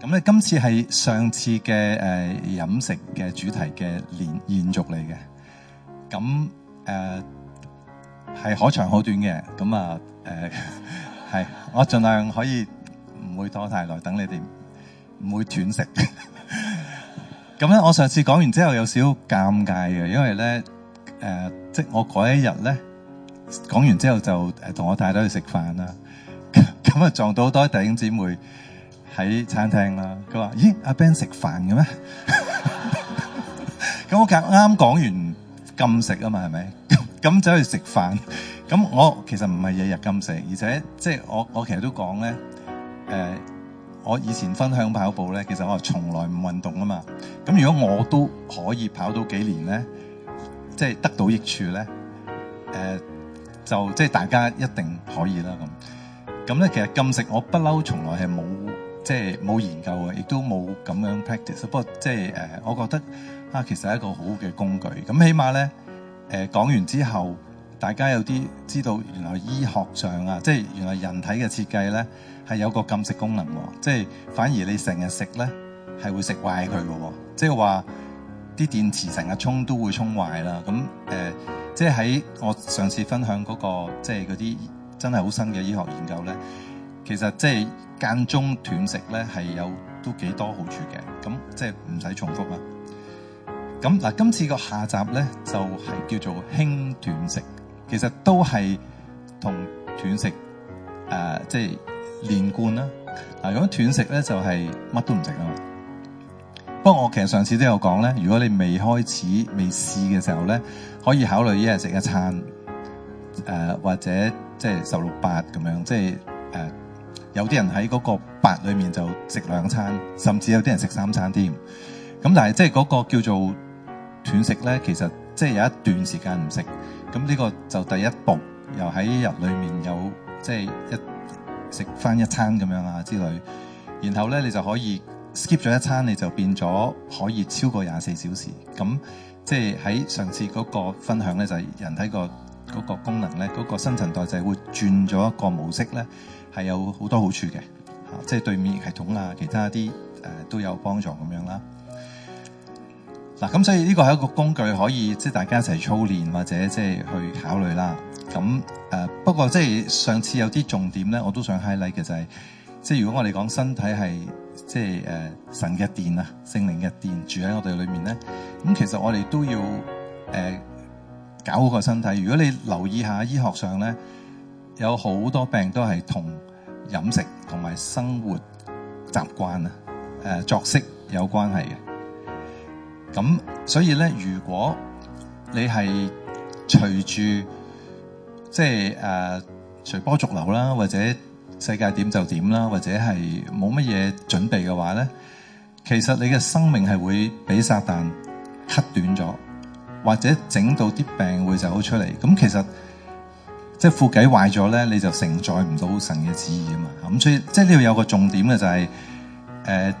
咁咧，今次係上次嘅誒飲食嘅主題嘅連延續嚟嘅。咁誒係可長可短嘅。咁啊誒係，我盡量可以唔會拖太耐等你哋，唔會斷食。咁咧，我上次講完之後有少少尷尬嘅，因為咧誒，即、呃就係、我嗰一日咧講完之後就同我太太去食飯啦，咁、嗯、啊、嗯、撞到好多弟兄姊妹。喺餐廳啦、啊，佢話：咦，阿 Ben 食飯嘅咩？咁 我啱啱講完禁食啊嘛，係咪？咁 走去食飯，咁 我其實唔係日日禁食，而且即係、就是、我我其實都講咧，誒、呃，我以前分享跑步咧，其實我係從來唔運動啊嘛。咁如果我都可以跑到幾年咧，即、就、係、是、得到益處咧，誒、呃，就即係、就是、大家一定可以啦。咁，咁咧其實禁食我不嬲，從來係冇。即係冇研究啊，亦都冇咁樣 practice。不過即係誒，我覺得啊，其實係一個好嘅工具。咁起碼咧，誒、呃、講完之後，大家有啲知道原來醫學上啊，即係原來人體嘅設計咧係有個禁食功能。即係反而你成日食咧，係會食壞佢嘅。即係話啲電池成日充都會充壞啦。咁誒、呃，即係喺我上次分享嗰、那個，即係嗰啲真係好新嘅醫學研究咧。其實即、就、係、是、間中斷食咧，係有都幾多好處嘅。咁即係唔使重複啦。咁嗱，今次個下集咧就係、是、叫做輕斷食，其實都係同斷食誒、即、呃、係、就是、連貫啦。嗱、呃，如果斷食咧就係、是、乜都唔食吖嘛。不過我其實上次都有講咧，如果你未開始未試嘅時候咧，可以考慮一日食一餐誒、呃，或者即係十六八咁樣，即、就、係、是。有啲人喺嗰個八裏面就食兩餐，甚至有啲人食三餐添。咁但係，即係嗰個叫做斷食呢，其實即係有一段時間唔食。咁呢個就第一步，又喺日裏面有即係一食翻一,一餐咁樣啊之類。然後呢，你就可以 skip 咗一餐，你就變咗可以超過廿四小時。咁即係喺上次嗰個分享呢，就係、是、人體個嗰、那個功能呢，嗰、那個新陳代謝會轉咗一個模式呢。係有好多好處嘅，即、啊、係、就是、對免疫系統啊，其他啲誒、呃、都有幫助咁樣啦。嗱、啊，咁所以呢個係一個工具，可以即係、就是、大家一齊操練或者即係去考慮啦。咁誒、啊，不過即係上次有啲重點咧，我都想 highlight 嘅就係，即、就、係、是、如果我哋講身體係即係誒神嘅殿啊，聖靈嘅殿住喺我哋裏面咧，咁其實我哋都要誒、呃、搞好個身體。如果你留意一下醫學上咧，有好多病都係同，飲食同埋生活習慣啊，誒、呃、作息有關係嘅。咁所以咧，如果你係隨住即係誒隨波逐流啦，或者世界點就點啦，或者係冇乜嘢準備嘅話咧，其實你嘅生命係會俾撒旦 cut 短咗，或者整到啲病會走出嚟。咁其實。即係腹肌壞咗咧，你就承載唔到神嘅旨意啊嘛！咁、嗯、所以，即係呢度有個重點嘅就係、是，誒、呃，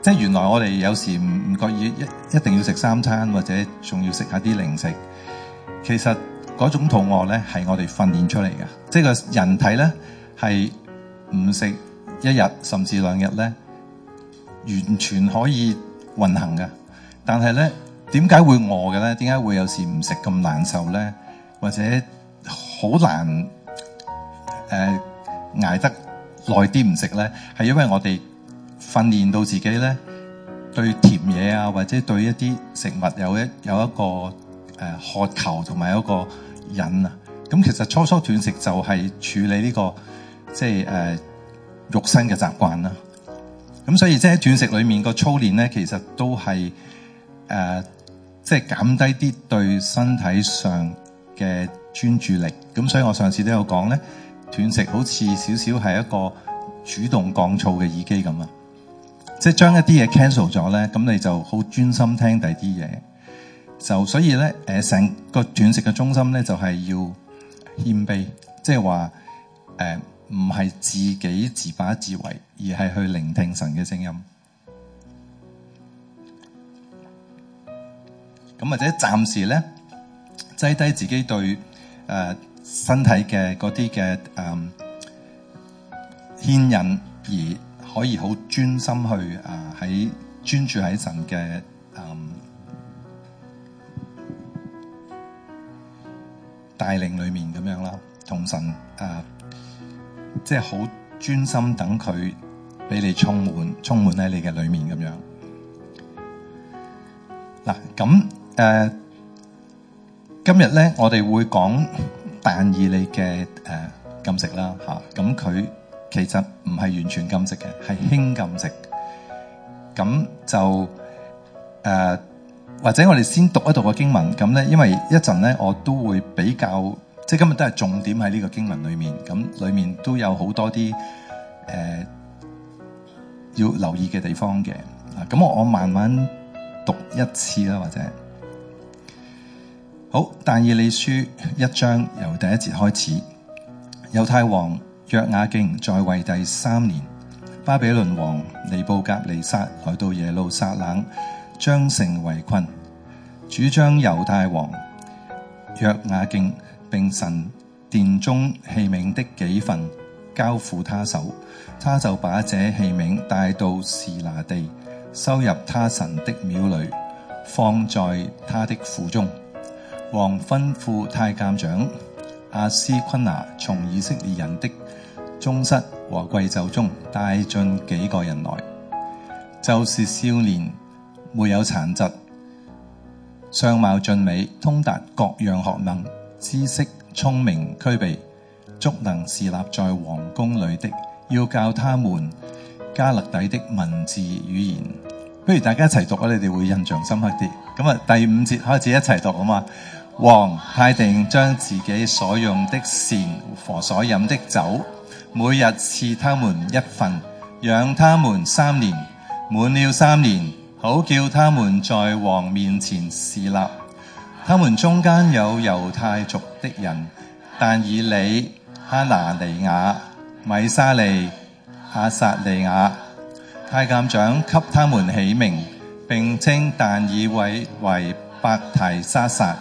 即係原來我哋有時唔覺意一一定要食三餐，或者仲要食下啲零食。其實嗰種肚餓咧，係我哋訓練出嚟嘅。即係個人體咧，係唔食一日甚至兩日咧，完全可以運行㗎。但係咧，點解會餓嘅咧？點解會有時唔食咁難受咧？或者？好難誒、呃、捱得耐啲唔食咧，係因為我哋訓練到自己咧對甜嘢啊，或者對一啲食物有一有一個誒渴求同埋一個癮啊。咁其實初初斷食就係處理呢、這個即係誒、呃、肉身嘅習慣啦。咁所以即係斷食裏面個操練咧，其實都係誒、呃、即係減低啲對身體上嘅專注力，咁所以我上次都有講咧，斷食好似少少係一個主動降噪嘅耳機咁啊，即係將一啲嘢 cancel 咗咧，咁你就好專心聽第二啲嘢，就所以咧，誒成個斷食嘅中心咧就係、是、要謙卑，即係話誒唔係自己自把自為，而係去聆聽神嘅聲音，咁或者暫時咧。擠低自己對誒身體嘅嗰啲嘅誒牽引，而可以好專心去誒喺專注喺神嘅誒帶領裏面咁樣啦，同神誒即係好專心等佢俾你充滿，充滿喺你嘅裏面咁樣。嗱咁誒。今日咧，我哋會講但以理嘅誒禁食啦，吓，咁佢其實唔係完全禁食嘅，係輕禁食。咁就誒、呃、或者我哋先讀一讀個經文，咁咧因為一陣咧我都會比較，即係今日都係重點喺呢個經文裏面，咁、嗯、裏面都有好多啲誒、呃、要留意嘅地方嘅，咁、啊、我慢慢讀一次啦，或者。好，但以理書一章由第一節開始。猶太王約雅敬在位第三年，巴比倫王尼布甲尼撒來到耶路撒冷，將城圍困，主將猶太王約雅敬並神殿中器皿的幾份交付他手，他就把這器皿帶到示拿地，收入他神的廟裏，放在他的庫中。王吩咐太監長阿斯昆拿，從以色列人的宗室和貴冑中帶進幾個人來，就是少年沒有殘疾，相貌俊美，通達各樣學問知識，聰明俱備，足能侍立在皇宮裏的，要教他們加勒底的文字語言。不如大家一齊讀啊！你哋會印象深刻啲。咁啊，第五節開始一齊讀啊嘛。王派定將自己所用的膳佛所飲的酒，每日賜他們一份，養他們三年。滿了三年，好叫他們在王面前侍立。他們中間有猶太族的人，但以理、哈拿尼亞、米沙利、亞撒利亞。太監長給他們起名，並稱但以委為伯提沙撒，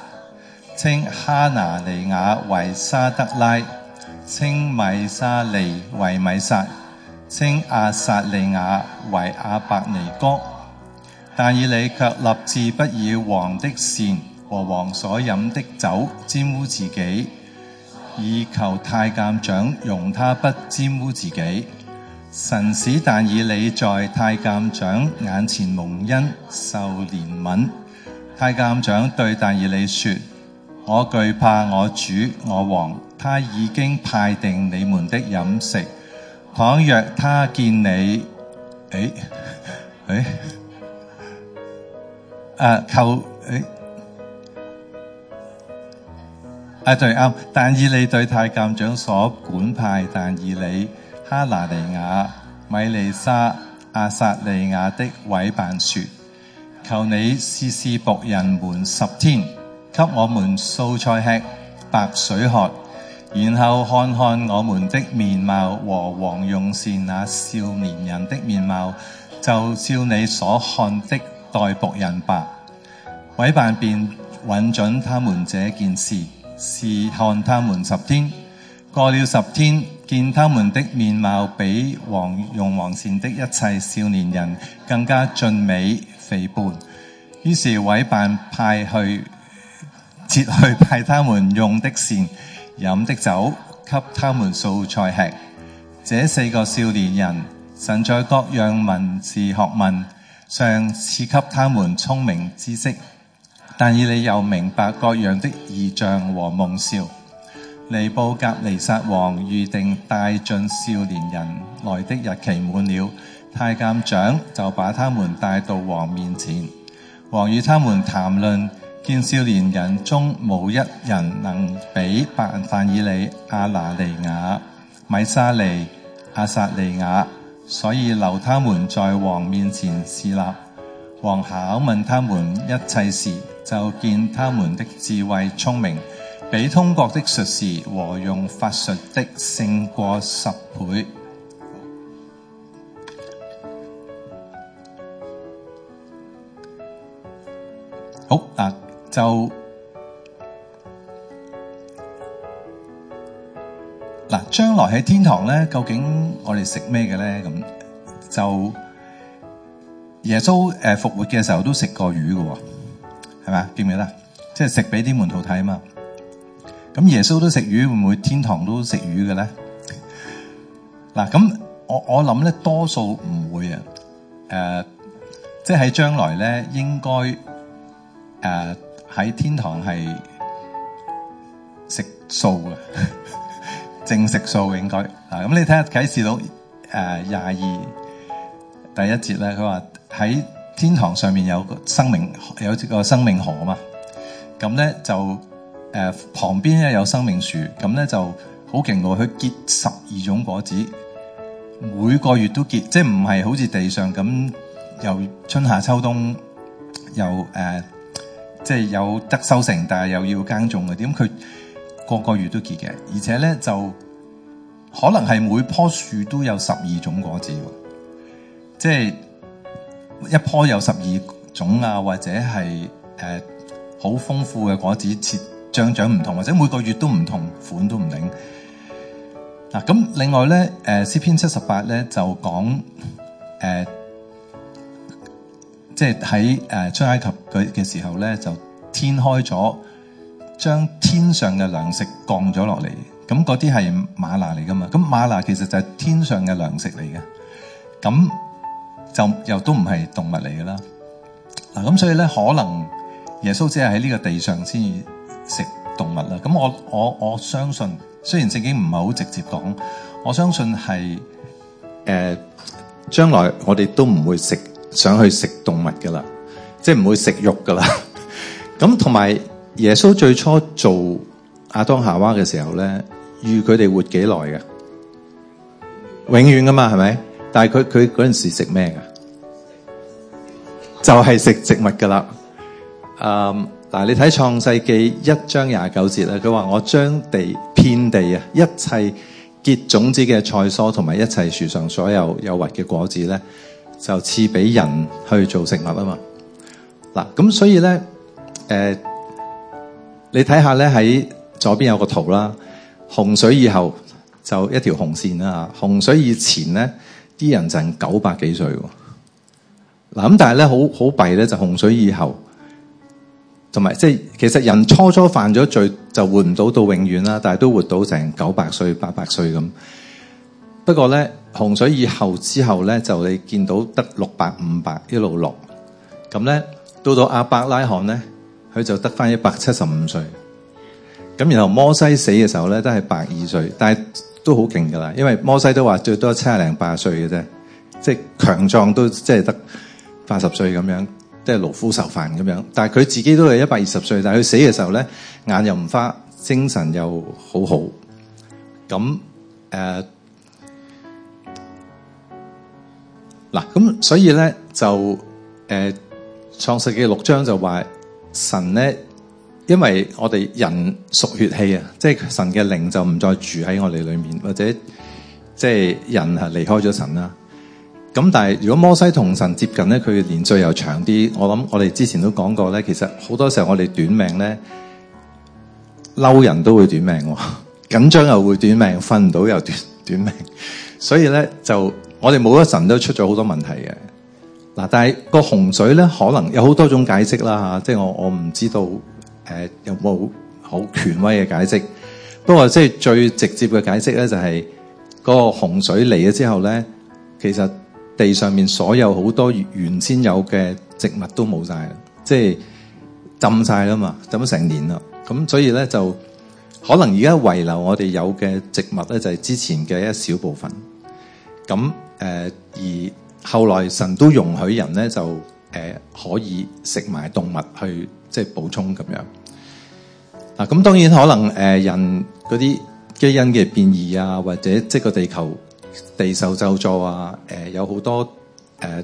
稱哈拿尼亞為沙得拉，稱米沙利為米撒，稱亞撒利雅為阿伯尼哥。但以理卻立志不以王的膳和王所飲的酒玷污自己，以求太監長容他不玷污自己。神使但以理在太監長眼前蒙恩受憐憫，太監長對但以理說：我懼怕我主我王，他已經派定你們的飲食。倘若他見你，誒、哎，誒、哎，啊，求，誒、哎，啊對啱，但以理對太監長所管派，但以理哈拿尼亞、米利沙、阿撒利亞的委辦說：求你試試僕人們十天，給我們素菜吃、白水喝，然後看看我們的面貌和王用膳那少年人的面貌，就照你所看的待僕人吧。委辦便允准他們這件事，試看他們十天。過了十天。見他們的面貌比王用王膳的一切少年人更加俊美肥胖，於是委辦派去撤去派他們用的膳、飲的酒，給他們素菜吃。這四個少年人，神在各樣文字學問上賜給他們聰明知識，但以理又明白各樣的異象和夢兆。尼布甲尼撒王預定帶進少年人來的日期滿了，太監長就把他們帶到王面前。王與他們談論，見少年人中冇一人能比但以理、哈拿尼雅、米沙利、亞撒利雅，所以留他們在王面前侍立。王考問他們一切事，就見他們的智慧聰明。比通國的術士和用法術的，勝過十倍。好嗱、啊，就嗱、啊，將來喺天堂咧，究竟我哋食咩嘅咧？咁就耶穌誒復、呃、活嘅時候都食過魚嘅、哦，係咪？記唔記得？即係食俾啲門徒睇啊嘛。咁耶穌都食魚，會唔會天堂都食魚嘅咧？嗱，咁我我諗咧，多數唔會啊。誒、呃，即係喺將來咧，應該喺、呃、天堂係食素嘅，正食素應該。嗱，咁你睇下啟示錄誒廿二第一節咧，佢話喺天堂上面有個生命有個生命河啊嘛，咁咧就。誒，旁邊咧有生命樹，咁咧就好勁嘅，佢結十二種果子，每個月都結，即係唔係好似地上咁，又春夏秋冬又誒、呃，即係有得收成，但係又要耕種嘅，點佢個個月都結嘅，而且咧就可能係每棵樹都有十二種果子，即係一棵有十二種啊，或者係誒好豐富嘅果子切。長長唔同，或者每個月都唔同，款都唔領。嗱，咁另外咧，詩篇七十八咧就講誒，即係喺誒出埃及佢嘅時候咧，就天開咗，將天上嘅糧食降咗落嚟。咁嗰啲係馬拿嚟噶嘛？咁馬拿其實就係天上嘅糧食嚟嘅，咁就又都唔係動物嚟嘅啦。嗱，咁所以咧，可能耶穌只係喺呢個地上先食動物啦，咁我我我相信，雖然聖經唔係好直接講，我相信係誒，將、uh, 來我哋都唔會食，想去食動物噶啦，即係唔會食肉噶啦。咁同埋耶穌最初做亞當夏娃嘅時候咧，預佢哋活幾耐㗎？永遠噶嘛，係咪？但係佢佢嗰陣時食咩噶？就係、是、食植物噶啦，uh, 嗱，你睇《創世記》一章廿九節咧，佢話我將地遍地啊，一切結種子嘅菜蔬同埋一切樹上所有有核嘅果子咧，就賜俾人去做食物啊嘛。嗱，咁所以咧，誒、呃，你睇下咧喺左邊有個圖啦，洪水以後就一條紅線啦嚇，洪水以前咧啲人就九百幾歲喎。嗱咁但係咧好好弊咧，就洪水以後。同埋，即係其實人初初犯咗罪就活唔到到永遠啦，但係都活到成九百歲、八百歲咁。不過咧，洪水以後之後咧，就你見到得六百、五百一路落咁咧到到阿伯拉罕咧，佢就得翻一百七十五歲。咁然後摩西死嘅時候咧都係百二歲，但係都好勁噶啦，因為摩西都話最多七廿零八十歲嘅啫，即係強壯都即係得八十歲咁樣。即係勞夫受範咁樣，但係佢自己都係一百二十歲，但係佢死嘅時候咧，眼又唔花，精神又好好。咁誒，嗱、呃，咁所以咧就誒，創、呃、世記六章就話神咧，因為我哋人屬血氣啊，即、就、係、是、神嘅靈就唔再住喺我哋裏面，或者即係、就是、人啊離開咗神啦。咁但係如果摩西同神接近咧，佢嘅年歲又長啲。我諗我哋之前都講過咧，其實好多時候我哋短命咧，嬲人都會短命，緊張又會短命，瞓唔到又短短命。所以咧，就我哋每一神都出咗好多問題嘅。嗱，但係個洪水咧，可能有好多種解釋啦吓，即係我我唔知道誒、呃，有冇好權威嘅解釋？不過即係最直接嘅解釋咧、就是，就係嗰個洪水嚟咗之後咧，其實。地上面所有好多原先有嘅植物都冇晒，即係浸晒啦嘛，浸咗成年啦，咁所以咧就可能而家遺留我哋有嘅植物咧就係、是、之前嘅一小部分。咁誒、呃、而後來神都容許人咧就誒、呃、可以食埋動物去即係補充咁樣。嗱，咁當然可能誒、呃、人嗰啲基因嘅變異啊，或者即個地球。地受就坐啊！誒、呃，有好多誒，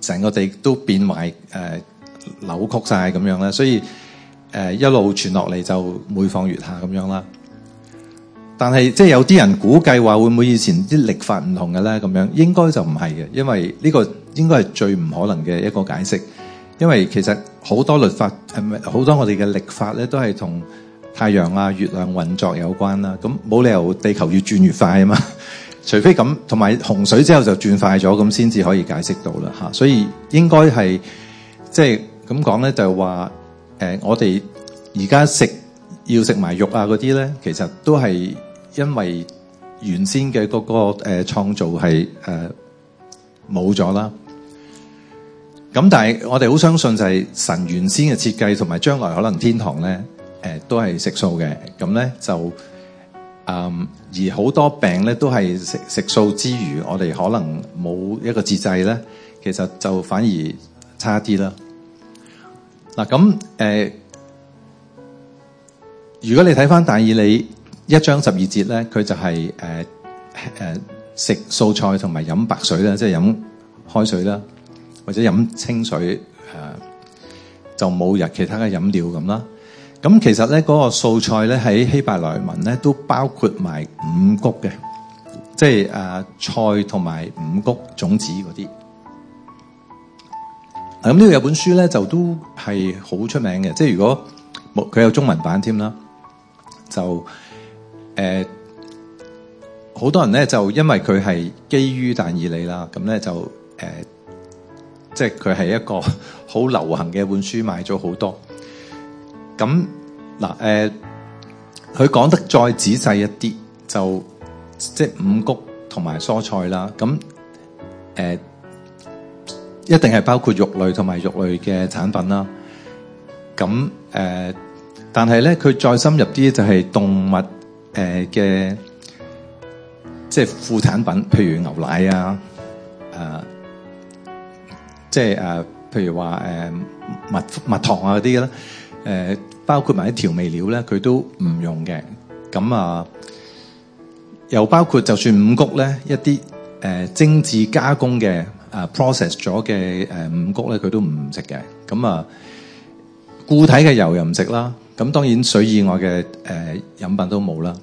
成、呃、個地都變壞誒、呃，扭曲晒咁樣啦，所以誒、呃，一路傳落嚟就每況愈下咁樣啦。但係即係有啲人估計話會唔會以前啲曆法唔同嘅咧？咁樣應該就唔係嘅，因為呢個應該係最唔可能嘅一個解釋。因為其實好多律法係咪好多我哋嘅曆法咧，都係同太陽啊、月亮運作有關啦。咁冇理由地球越轉越快啊嘛。除非咁，同埋洪水之後就轉快咗，咁先至可以解釋到啦吓。所以應該係即係咁講咧，就話、是就是呃、我哋而家食要食埋肉啊嗰啲咧，其實都係因為原先嘅嗰個創造係呃、冇咗啦。咁、呃、但係我哋好相信就係神原先嘅設計，同埋將來可能天堂咧、呃、都係食素嘅。咁咧就。嗯，而好多病咧都係食食素之餘，我哋可能冇一個節制咧，其實就反而差啲啦。嗱咁，誒，如果你睇翻但以理，一章十二節咧，佢就係誒誒食素菜同埋飲白水啦，即係飲開水啦，或者飲清水誒、呃，就冇日其他嘅飲料咁啦。咁其實咧，嗰、那個素菜咧喺希伯來文咧都包括埋五穀嘅，即係誒、啊、菜同埋五穀種子嗰啲。咁呢度有本書咧就都係好出名嘅，即係如果冇佢有中文版添啦，就誒好、呃、多人咧就因為佢係基於但以理啦，咁咧就誒、呃、即係佢係一個好流行嘅本書，買咗好多。咁嗱，呃、佢講得再仔細一啲，就即係五穀同埋蔬菜啦。咁誒、呃，一定係包括肉類同埋肉類嘅產品啦。咁誒、呃，但係咧，佢再深入啲就係動物嘅，呃、即係副產品，譬如牛奶啊，呃、即係呃、譬如話呃、蜜蜜糖啊嗰啲啦。誒、呃、包括埋啲調味料咧，佢都唔用嘅。咁啊，又包括就算五穀咧，一啲誒、呃、精緻加工嘅啊、呃、process 咗嘅誒五穀咧，佢都唔食嘅。咁啊，固體嘅油又唔食啦。咁當然水以外嘅誒飲品都冇啦。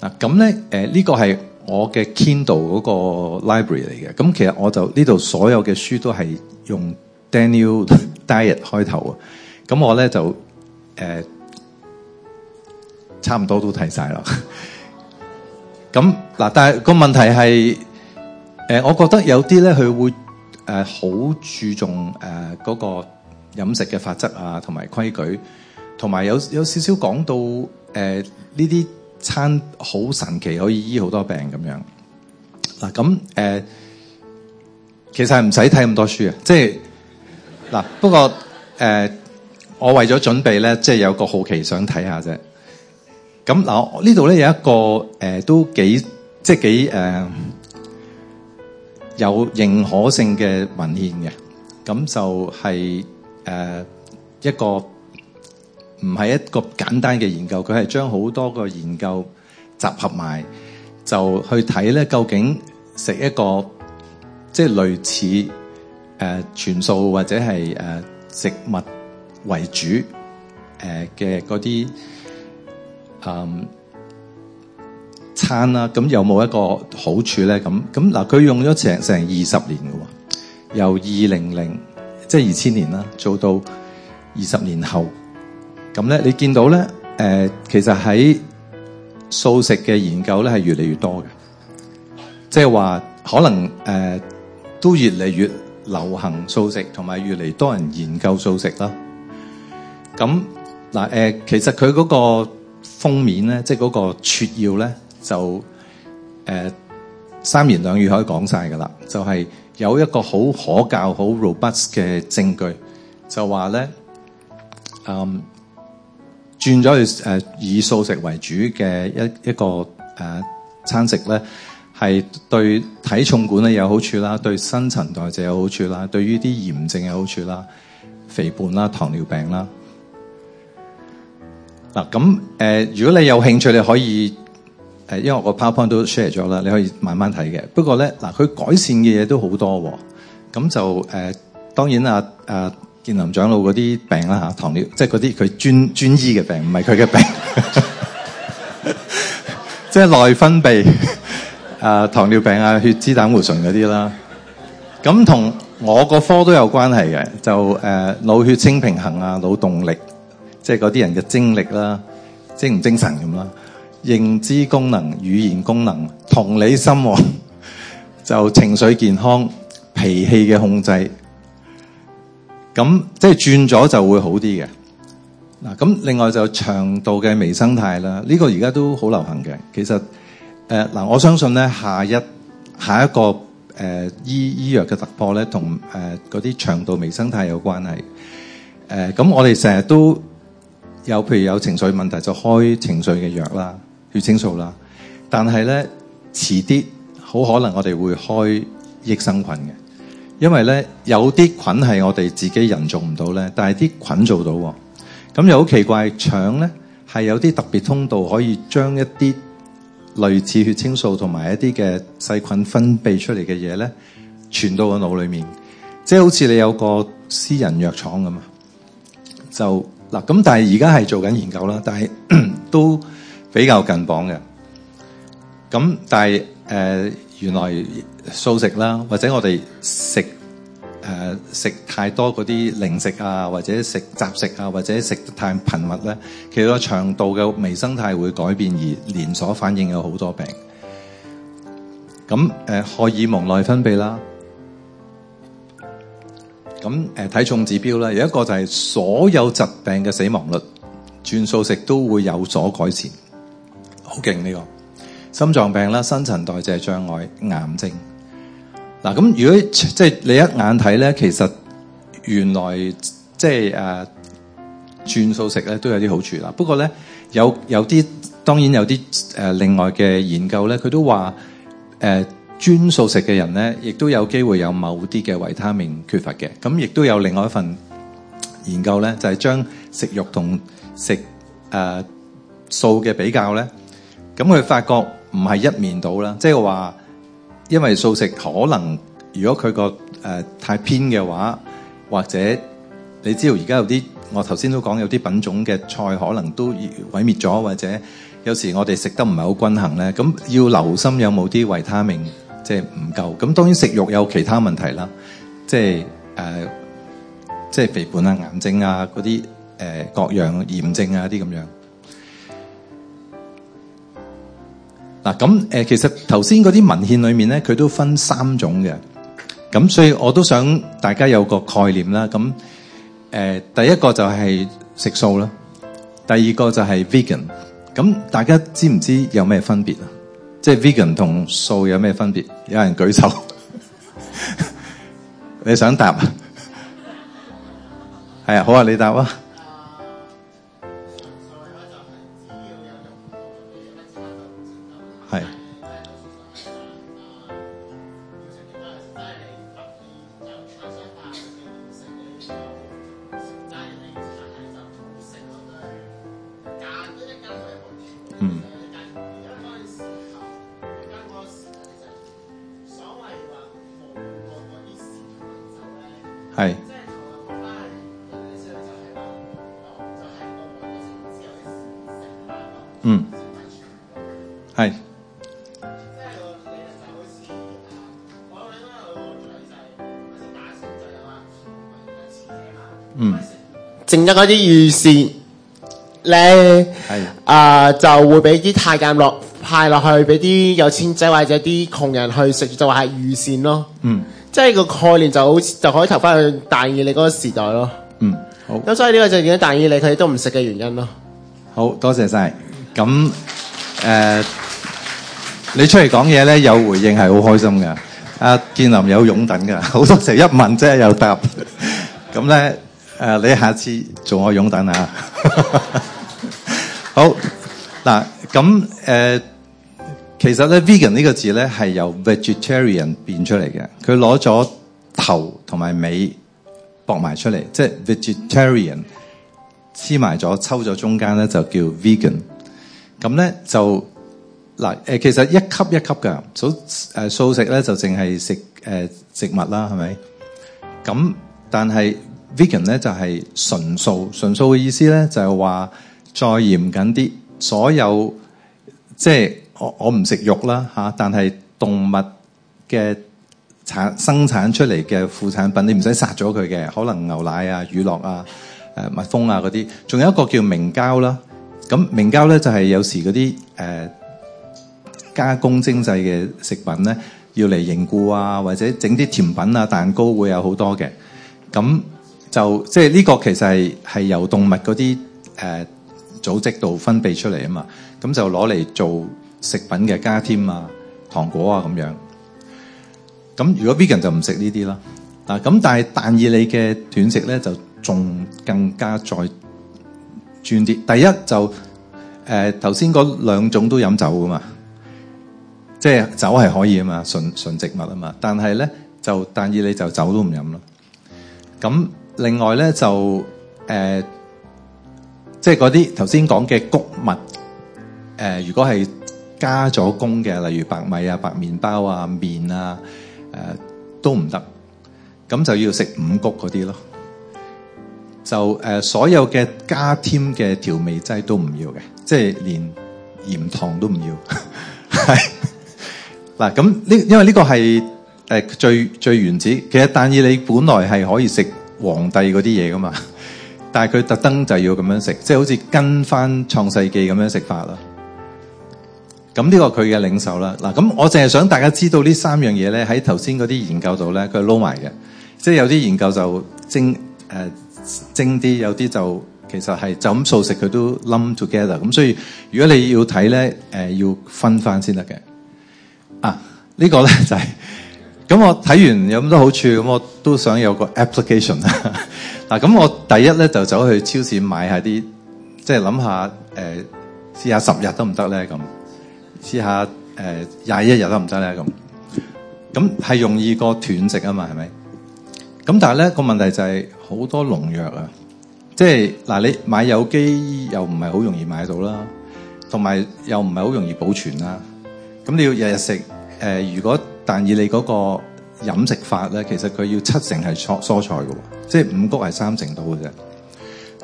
嗱咁咧，呢、呃呢個係我嘅 Kindle 嗰個 library 嚟嘅。咁其實我就呢度所有嘅書都係用 Daniel Diet 開頭啊。咁我咧就，誒、呃，差唔多都睇晒啦。咁 嗱，但係個問題係，誒、呃，我覺得有啲咧佢會誒好、呃、注重誒嗰、呃那個飲食嘅法則啊，同埋規矩，同埋有有少少講到誒呢啲餐好神奇可以醫好多病咁樣。嗱咁誒，其實係唔使睇咁多書啊，即、就、係、是，嗱、呃、不過誒。呃我為咗準備咧，即、就、係、是、有個好奇想睇下啫。咁嗱，呢度咧有一個誒、呃、都幾即係幾誒、呃、有認可性嘅文獻嘅。咁就係、是、誒、呃、一個唔係一個簡單嘅研究，佢係將好多個研究集合埋，就去睇咧究竟食一個即係、就是、類似誒全、呃、素或者係誒植物為主，誒嘅嗰啲嗯餐啦，咁有冇一個好處咧？咁咁嗱，佢用咗成成二十年嘅，由二零零即係二千年啦，做到二十年後，咁咧你見到咧，誒、呃、其實喺素食嘅研究咧係越嚟越多嘅，即係話可能誒、呃、都越嚟越流行素食，同埋越嚟多人研究素食啦。咁嗱、呃、其實佢嗰個封面咧，即係嗰個撮要咧，就誒、是呃、三言兩語可以講晒噶啦。就係、是、有一個好可教、好 robust 嘅證據，就話咧、嗯，轉咗去以素食為主嘅一一個、啊、餐食咧，係對體重管理有好處啦，對新陳代謝有好處啦，對於啲炎症有好處啦，肥胖啦、糖尿病啦。嗱咁、呃、如果你有興趣，你可以、呃、因為我個 PowerPoint 都 share 咗啦，你可以慢慢睇嘅。不過咧，嗱、呃，佢改善嘅嘢都好多喎、哦。咁就誒、呃，當然啊，健、啊、林長老嗰啲病啦、啊、糖尿即係嗰啲佢專專醫嘅病，唔係佢嘅病，即係 內分泌、啊、糖尿病啊，血脂膽固醇嗰啲啦。咁同 我個科都有關係嘅，就誒、呃、腦血清平衡啊，腦動力。即係嗰啲人嘅精力啦，精唔精神咁啦，認知功能、語言功能、同理心，就情緒健康、脾氣嘅控制，咁即係轉咗就會好啲嘅嗱。咁另外就腸道嘅微生態啦，呢個而家都好流行嘅。其實誒嗱、呃，我相信咧下一下一個誒、呃、醫醫藥嘅突破咧，同誒嗰啲腸道微生態有關係誒。咁、呃、我哋成日都～有譬如有情緒問題就開情緒嘅藥啦，血清素啦。但係咧遲啲好可能我哋會開益生菌嘅，因為咧有啲菌係我哋自己人做唔到咧，但係啲菌做到。咁又好奇怪，腸咧係有啲特別通道可以將一啲類似血清素同埋一啲嘅細菌分泌出嚟嘅嘢咧，傳到個腦裏面，即係好似你有個私人藥廠咁啊，就。嗱，咁但係而家係做緊研究啦，但係都比較近榜嘅。咁但係誒、呃，原來素食啦，或者我哋食誒、呃、食太多嗰啲零食啊，或者食雜食啊，或者食得太頻密咧，其實個腸道嘅微生態會改變，而連鎖反應有好多病。咁誒荷爾蒙內分泌啦。咁誒，體重指標咧，有一個就係所有疾病嘅死亡率，轉素食都會有所改善，好勁呢個。心臟病啦，新陳代謝障礙、癌症。嗱，咁如果即係、就是、你一眼睇咧，其實原來即係誒、轉、就、素、是啊、食咧都有啲好處啦。不過咧，有有啲當然有啲誒、啊，另外嘅研究咧，佢都話誒。啊專素食嘅人咧，亦都有機會有某啲嘅維他命缺乏嘅。咁亦都有另外一份研究咧，就係、是、將食肉同食、呃、素嘅比較咧。咁佢發覺唔係一面倒啦，即係話因為素食可能，如果佢個、呃、太偏嘅話，或者你知道而家有啲，我頭先都講有啲品種嘅菜可能都毀滅咗，或者有時我哋食得唔係好均衡咧，咁要留心有冇啲維他命。即係唔夠，咁當然食肉有其他問題啦，即係誒、呃，即係肥胖啊、癌症啊嗰啲誒各樣炎症啊啲咁樣。嗱，咁、呃、誒，其實頭先嗰啲文獻裏面咧，佢都分三種嘅，咁所以我都想大家有個概念啦。咁誒、呃，第一個就係食素啦，第二個就係 vegan，咁大家知唔知有咩分別啊？即係 vegan 同素有咩分別？有人舉手， 你想答？係 啊，好啊，你答啊！嗰啲御膳咧，啊是、呃，就會俾啲太監落派落去俾啲有錢仔或者啲窮人去食，就話係御膳咯。嗯，即係個概念就好似，就可以投翻去但以理嗰個時代咯。嗯，好。咁所以呢個就係點解但以理佢哋都唔食嘅原因咯。好多謝晒。咁誒、 呃，你出嚟講嘢咧，有回應係好開心噶。阿、啊、建良有擁躉噶，好多時候一問即係有答。咁 咧。誒，uh, 你下次做我勇等下， 好嗱咁誒，其實咧 vegan 呢個字咧係由 vegetarian 變出嚟嘅，佢攞咗頭同埋尾駁埋出嚟，即、就、係、是、vegetarian 黐埋咗抽咗中間咧就叫 vegan，咁咧就嗱誒、呃，其實一級一級㗎，所誒素食咧就淨係食誒、呃、植物啦，係咪？咁但係。Vegan 咧就係、是、純素，純素嘅意思咧就係、是、話再嚴謹啲，所有即係、就是、我我唔食肉啦、啊、但係動物嘅產生產出嚟嘅副產品，你唔使殺咗佢嘅，可能牛奶啊、乳酪啊、誒蜜蜂啊嗰啲，仲有一個叫明膠啦。咁明膠咧就係、是、有時嗰啲、呃、加工精製嘅食品咧，要嚟凝固啊，或者整啲甜品啊、蛋糕、啊、會有好多嘅，咁。就即係呢個其實係係由動物嗰啲誒組織度分泌出嚟啊嘛，咁就攞嚟做食品嘅加添啊，糖果啊咁樣。咁如果 vegan 就唔、啊、食呢啲啦嗱，咁但係但以理嘅斷食咧，就仲更加再轉啲。第一就誒頭先嗰兩種都飲酒噶嘛，即、就、係、是、酒係可以啊嘛，純純植物啊嘛，但係咧就但以理就酒都唔飲咯咁。嗯另外咧就誒，即係嗰啲頭先講嘅谷物誒、呃，如果係加咗工嘅，例如白米啊、白麵包啊、麵啊，誒、呃、都唔得。咁就要食五谷嗰啲咯。就誒、呃，所有嘅加添嘅調味劑都唔要嘅，即係連鹽糖都唔要。係 嗱，咁呢，因為呢個係誒、呃、最最原始。其實但以理本來係可以食。皇帝嗰啲嘢噶嘛，但係佢特登就要咁樣食，即係好似跟翻《創世記》咁樣食法啦。咁呢個佢嘅領袖啦，嗱，咁我淨係想大家知道呢三樣嘢咧，喺頭先嗰啲研究度咧，佢係撈埋嘅，即係有啲研究就精誒精啲，有啲就其實係就咁素食佢都冧 together。咁所以如果你要睇咧，誒要分翻先得嘅。啊，呢個咧就係。咁我睇完有咁多好處，咁我都想有個 application 啦。嗱，咁我第一咧就走去超市買下啲，即係諗下，誒試下十日得唔得咧，咁試下誒廿一日得唔得咧，咁咁係容易過斷食啊嘛，係咪？咁但係咧個問題就係、是、好多農藥啊，即係嗱你買有機又唔係好容易買到啦，同埋又唔係好容易保存啦。咁你要日日食，誒、呃、如果。但以你嗰個飲食法咧，其實佢要七成係蔬菜嘅，即係五穀係三成到嘅啫。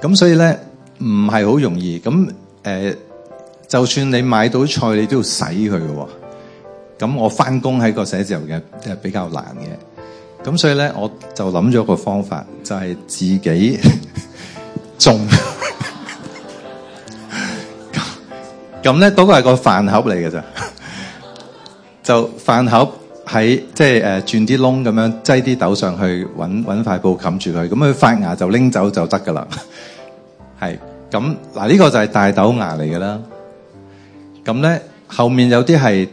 咁所以咧唔係好容易。咁誒、呃，就算你買到菜，你都要洗佢嘅。咁我翻工喺個寫字樓嘅，即係比較難嘅。咁所以咧，我就諗咗個方法，就係、是、自己種。咁咧都個係個飯盒嚟嘅啫，就飯盒。喺即係誒，轉啲窿咁樣擠啲豆上去，搵搵塊布冚住佢，咁佢發芽就拎走就得噶啦。係咁嗱，呢個就係大豆芽嚟嘅啦。咁咧後面有啲係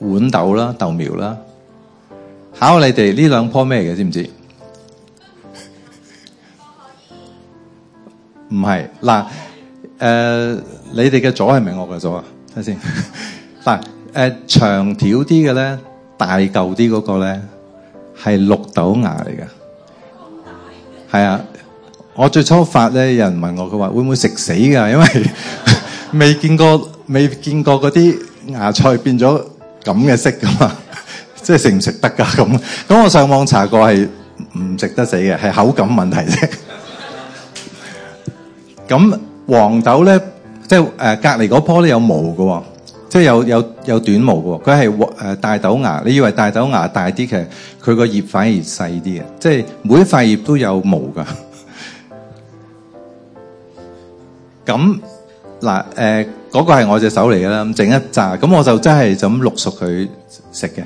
豌豆啦、豆苗啦。考你哋呢兩棵咩嘅，知唔知？唔係嗱，誒，你哋嘅左係咪我嘅左啊？睇先嗱，誒，長條啲嘅咧。大嚿啲嗰個咧係綠豆芽嚟噶，係啊！我最初發咧，有人問我佢話會唔會食死噶？因為未見過未見過嗰啲芽菜變咗咁嘅色噶嘛，即係食唔食得噶咁。咁我上網查過係唔食得死嘅，係口感問題啫。咁黃豆咧，即係誒隔離嗰棵咧有毛噶喎。即係有有有短毛喎，佢係、呃、大豆芽。你以為大豆芽大啲嘅，其實佢個葉反而細啲嘅。即係每一塊葉都有毛噶。咁嗱誒，嗰個係我隻手嚟啦，整、呃那個、一紮。咁我就真係就咁淥熟佢食嘅。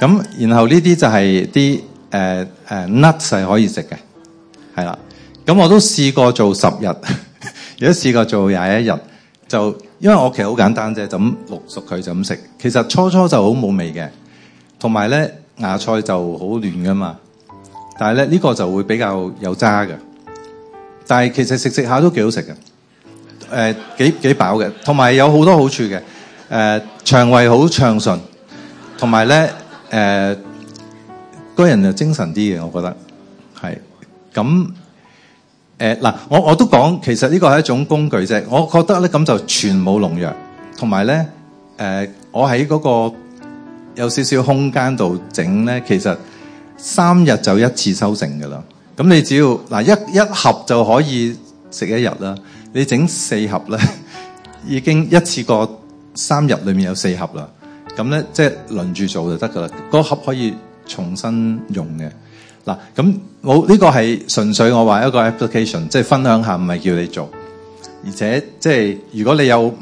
咁 然後呢啲就係啲呃誒、呃、nuts 係可以食嘅，係啦。咁我都試過做十日，亦 試過做廿一日就。因為我其實好簡單啫，就咁淥熟佢就咁食。其實初初就好冇味嘅，同埋咧芽菜就好嫩噶嘛。但係咧呢、呢個就會比較有渣嘅。但係其實食食下都幾好食嘅，誒幾幾飽嘅，同埋有好多好處嘅。誒、呃、腸胃好暢順，同埋咧誒個人就精神啲嘅，我覺得係咁。誒嗱、呃，我我都講，其實呢個係一種工具啫。我覺得咧，咁就全冇農藥，同埋咧誒，我喺嗰個有少少空間度整咧，其實三日就一次收成噶啦。咁你只要嗱一一盒就可以食一日啦。你整四盒咧，已經一次過三日裏面有四盒啦。咁咧即係輪住做就得噶啦。嗰盒可以重新用嘅。嗱，咁冇呢個係純粹我話一個 application，即係分享下，唔係叫你做。而且即係如果你有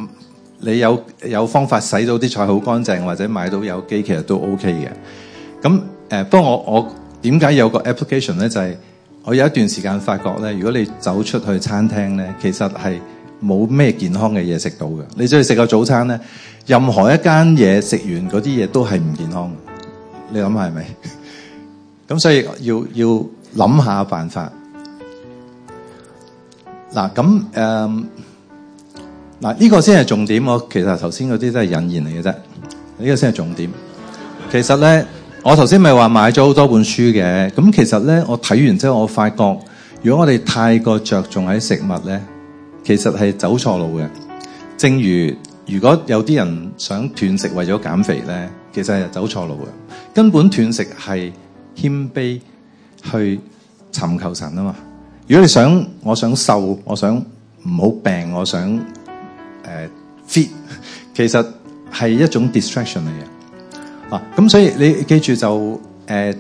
你有有方法洗到啲菜好乾淨，或者買到有機，其實都 OK 嘅。咁誒、呃，不過我我點解有個 application 咧，就係、是、我有一段時間發覺咧，如果你走出去餐廳咧，其實係冇咩健康嘅嘢食到嘅。你再食個早餐咧，任何一間嘢食完嗰啲嘢都係唔健康。你諗下係咪？咁所以要要諗下辦法嗱。咁誒嗱，呢個先係重點。我其實頭先嗰啲都係引言嚟嘅啫，呢個先係重點。其實咧，我頭先咪話買咗好多本書嘅。咁其實咧，我睇完之後，我發覺如果我哋太過着重喺食物咧，其實係走錯路嘅。正如如果有啲人想斷食為咗減肥咧，其實係走錯路嘅。根本斷食係。謙卑去尋求神啊嘛！如果你想我想瘦，我想唔好病，我想誒、呃、fit，其實係一種 distraction 嚟嘅。啊，咁所以你記住就誒、呃、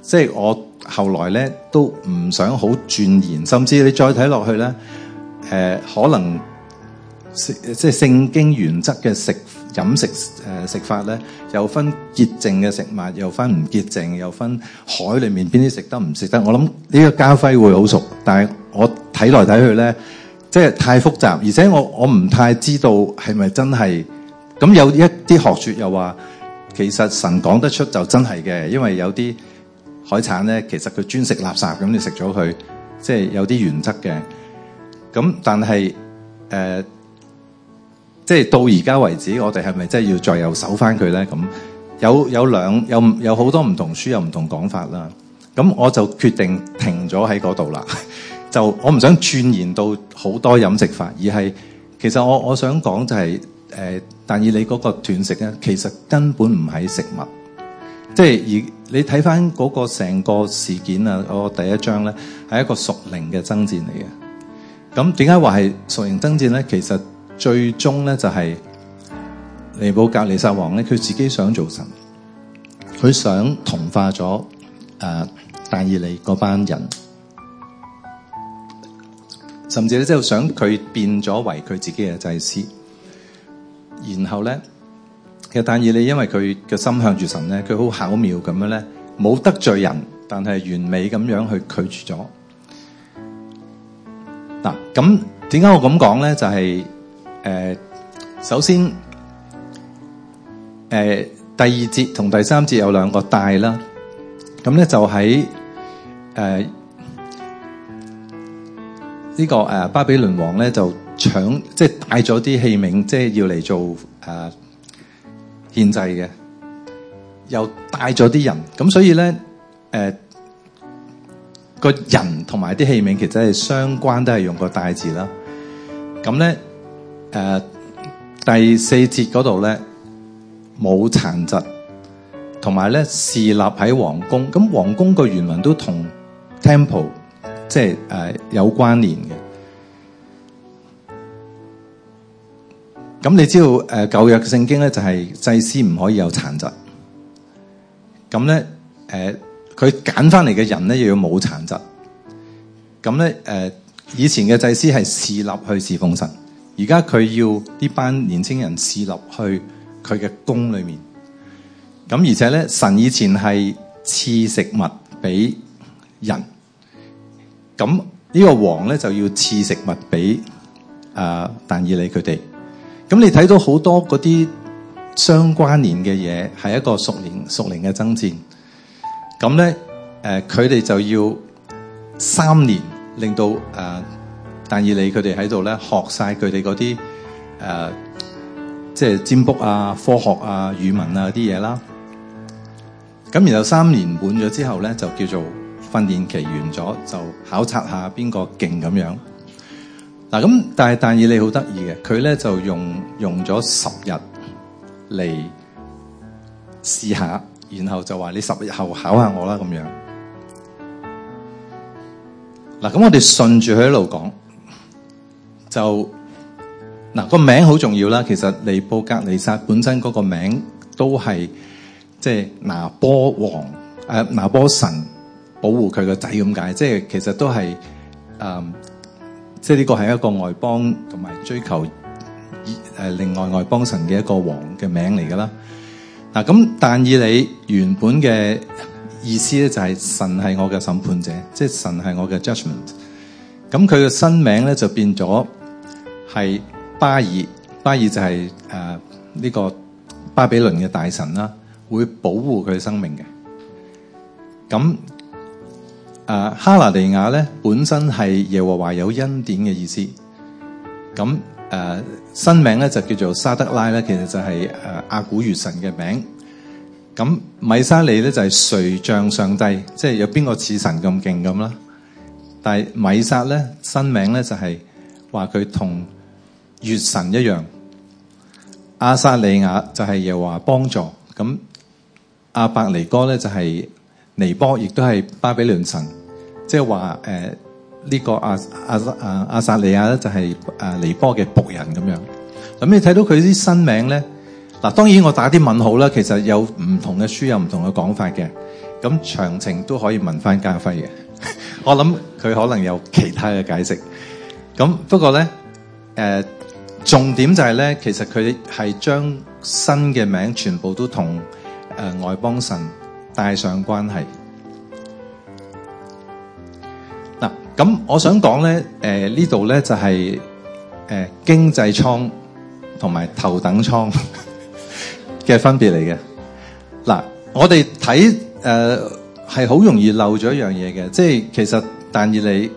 即係我後來咧都唔想好轉言，甚至你再睇落去咧，誒、呃、可能即係聖經原則嘅食物。飲食、呃、食法咧，又分潔淨嘅食物，又分唔潔淨，又分海裏面邊啲食得唔食得。我諗呢個家輝會好熟，但係我睇來睇去咧，即係太複雜，而且我我唔太知道係咪真係。咁有一啲學説又話，其實神講得出就真係嘅，因為有啲海產咧，其實佢專食垃圾咁，你食咗佢，即係有啲原則嘅。咁但係誒。呃即係到而家為止，我哋係咪真係要再又守翻佢咧？咁有有兩有有好多唔同書有唔同講法啦。咁我就決定停咗喺嗰度啦。就我唔想鑽研到好多飲食法，而係其實我我想講就係、是、誒，但以理嗰個斷食咧，其實根本唔係食物。即係而你睇翻嗰個成個事件啊，嗰、那個、第一章咧係一個屬靈嘅爭戰嚟嘅。咁點解話係屬靈爭戰咧？其實最終咧就係尼布甲尼撒王咧，佢自己想做神，佢想同化咗誒、呃、但以利嗰班人，甚至咧即係想佢變咗為佢自己嘅祭司。然後咧，其實但以利因為佢嘅心向住神咧，佢好巧妙咁樣咧，冇得罪人，但係完美咁樣去拒絕咗。嗱，咁點解我咁講咧？就係、是。誒、呃，首先，誒、呃，第二節同第三節有兩個帶啦，咁咧就喺誒呢個誒巴比倫王咧就搶，即係帶咗啲器皿，即係要嚟做誒獻祭嘅，又帶咗啲人，咁所以咧，誒、呃，個人同埋啲器皿其實係相關都係，都係用個帶字啦，咁咧。誒、呃，第四節嗰度咧冇殘疾，同埋咧侍立喺皇宮。咁皇宮個原文都同 temple 即、就、係、是、誒、呃、有關聯嘅。咁你知道誒舊約聖經咧就係祭司唔可以有殘疾。咁咧誒，佢揀翻嚟嘅人咧又要冇殘疾。咁咧誒，以前嘅祭司係侍立去侍奉神。而家佢要呢班年青人侍立去佢嘅宮裏面，咁而且咧神以前係賜食物俾人，咁呢個王咧就要賜食物俾誒但以理佢哋，咁、呃、你睇到好多嗰啲相關聯嘅嘢，係一個屬靈屬靈嘅爭戰，咁咧誒佢哋就要三年令到誒。呃但以理佢哋喺度咧，學晒佢哋嗰啲誒，即係占卜啊、科學啊、語文啊啲嘢啦。咁然後三年滿咗之後咧，就叫做訓練期完咗，就考察下邊個勁咁樣。嗱咁，但係但以理好得意嘅，佢咧就用用咗十日嚟試下，然後就話你十日後考下我啦咁樣。嗱咁，我哋順住佢一路講。就嗱、嗰個名好重要啦，其實尼布格尼撒本身嗰個名都係即係拿波王誒、啊，拿波神保護佢個仔咁解，即係其實都係誒，即係呢個係一個外邦同埋追求誒另外外邦神嘅一個王嘅名嚟噶啦。嗱咁，但以理原本嘅意思咧，就係神係我嘅審判者，即係神係我嘅 judgment。咁佢嘅新名咧就變咗。係巴爾，巴爾就係誒呢個巴比倫嘅大神啦，會保護佢生命嘅。咁誒、呃、哈拿利亞咧，本身係耶和華有恩典嘅意思。咁誒新名咧就叫做沙德拉咧，其實就係、是、誒、呃、阿古月神嘅名。咁米沙利咧就係誰像上帝，即、就、係、是、有邊個似神咁勁咁啦。但係米沙咧新名咧就係話佢同。月神一樣，阿薩里亞就係又話幫助咁，阿伯尼哥咧就係尼波，亦都係巴比倫神，即係話誒呢個阿阿阿阿薩里亞咧就係誒尼波嘅僕人咁樣。咁你睇到佢啲新名咧，嗱當然我打啲問號啦。其實有唔同嘅書有唔同嘅講法嘅，咁詳情都可以問翻家輝嘅。我諗佢可能有其他嘅解釋。咁不過咧，誒、呃。重點就係、是、呢，其實佢係將新嘅名全部都同、呃、外邦神帶上關係、啊、那我想講呢，呢、呃、度呢就係、是、呃經濟艙同埋頭等艙嘅分別嚟嘅嗱。我哋睇呃係好容易漏咗一樣嘢嘅，即係其實但以理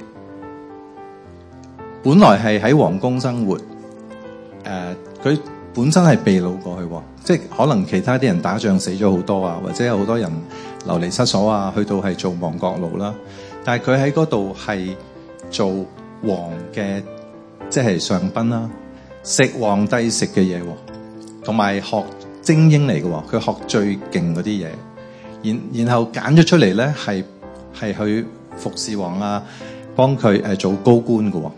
本來係喺皇宮生活。誒，佢、呃、本身係被擄過去，即係可能其他啲人打仗死咗好多啊，或者有好多人流離失所啊，去到係做亡國奴啦。但係佢喺嗰度係做王嘅，即係上賓啦，食皇帝食嘅嘢，同埋學精英嚟嘅。佢學最勁嗰啲嘢，然然後揀咗出嚟咧，係係去服侍王啊，幫佢誒做高官嘅。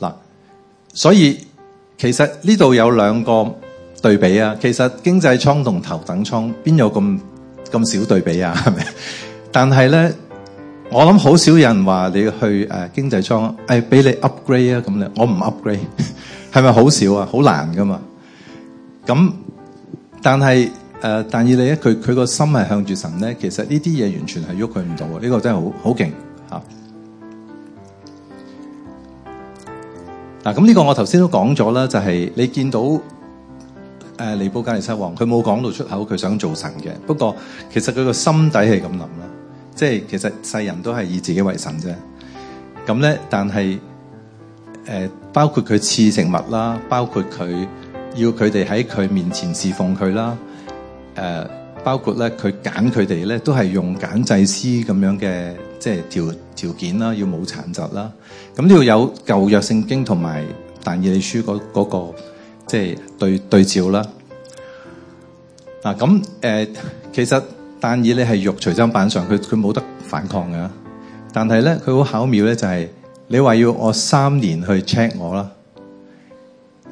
嗱，所以。其實呢度有兩個對比啊，其實經濟艙同頭等艙邊有咁咁少對比啊？係咪？但係咧，我諗好少人話你去誒、呃、經濟艙，誒、哎、俾你 upgrade 啊咁咧，我唔 upgrade，係咪好少啊？好難㗎嘛。咁，但係誒、呃，但係你咧，佢佢個心係向住神咧，其實呢啲嘢完全係喐佢唔到啊！呢個真係好好勁吓。嗱，咁呢個我頭先都講咗啦，就係、是、你見到誒尼布甲尼撒王，佢冇講到出口佢想做神嘅，不過其實佢個心底係咁諗啦，即係其實世人都係以自己為神啫。咁咧，但係誒包括佢賜食物啦，包括佢要佢哋喺佢面前侍奉佢啦，誒包括咧佢揀佢哋咧都係用揀祭司咁樣嘅即係條條件啦，要冇殘疾啦。咁呢度有舊約聖經同埋但以理書嗰、那個即係、就是、對對照啦。啊咁誒，其實但以理係肉隨砧板上，佢佢冇得反抗嘅。但係咧，佢好巧妙咧、就是，就係你話要我三年去 check 我啦，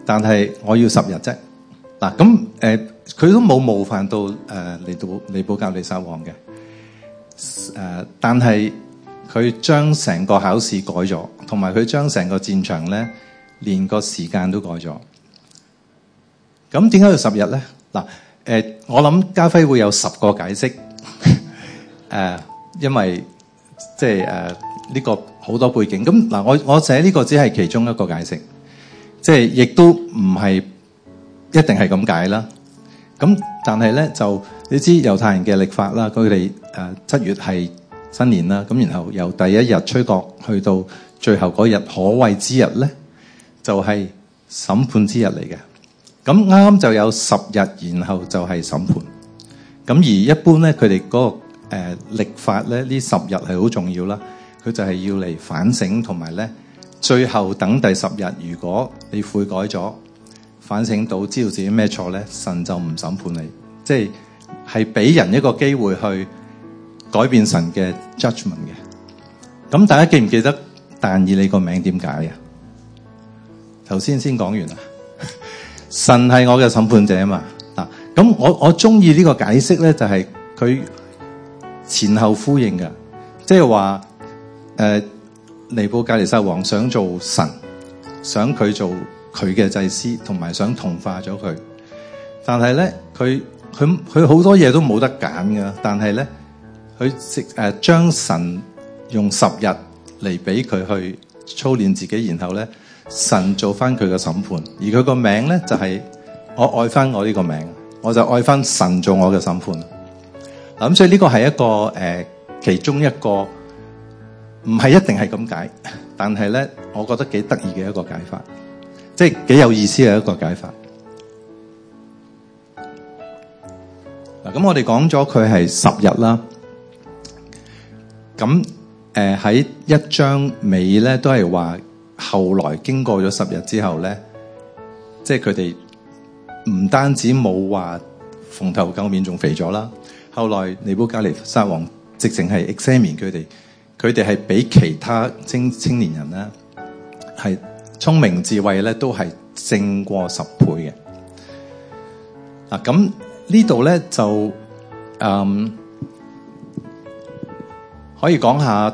但係我要十日啫。嗱咁誒，佢、呃、都冇冒犯到誒尼布、尼布甲尼撒王嘅誒，但係。佢將成個考試改咗，同埋佢將成個戰場咧，連個時間都改咗。咁點解要十日咧？嗱、呃，我諗家輝會有十個解釋、 呃。因為即係呢、呃這個好多背景。咁嗱，我我寫呢個只係其中一個解釋，即係亦都唔係一定係咁解啦。咁但係咧就你知猶太人嘅曆法啦，佢哋呃七月係新年啦，咁然後由第一日吹角去到最後嗰日，可畏之日咧，就係審判之日嚟嘅。咁啱就有十日，然後就係審判。咁而一般咧，佢哋嗰個誒曆法咧，呢十日係好重要啦。佢就係要嚟反省同埋咧，最後等第十日，如果你悔改咗、反省到知道自己咩錯咧，神就唔審判你。即係係俾人一個機會去。改變神嘅 judgment 嘅，咁，大家記唔記得但以理個名點解啊？頭先先講完啦，神係我嘅審判者啊嘛嗱。咁我我中意呢個解釋咧，就係、是、佢前後呼應嘅，即係話誒尼布甲尼撒王想做神，想佢做佢嘅祭司，同埋想同化咗佢，但係咧佢佢佢好多嘢都冇得揀㗎。但係咧。佢即誒，將神用十日嚟俾佢去操練自己，然後咧神做翻佢嘅審判，而佢、就是、個名咧就係我愛翻我呢個名，我就愛翻神做我嘅審判。嗱、嗯、咁，所以呢個係一個誒、呃、其中一個唔係一定係咁解，但係咧我覺得幾得意嘅一個解法，即係幾有意思嘅一個解法。嗱咁，我哋講咗佢係十日啦。咁誒喺一張尾咧，都係話後來經過咗十日之後咧，即係佢哋唔單止冇話蓬頭垢面，仲肥咗啦。後來尼布加尼撒王直情係 examine 佢哋，佢哋係比其他青青年人咧係聰明智慧咧，都係勝過十倍嘅。嗱、啊，咁呢度咧就、嗯可以講下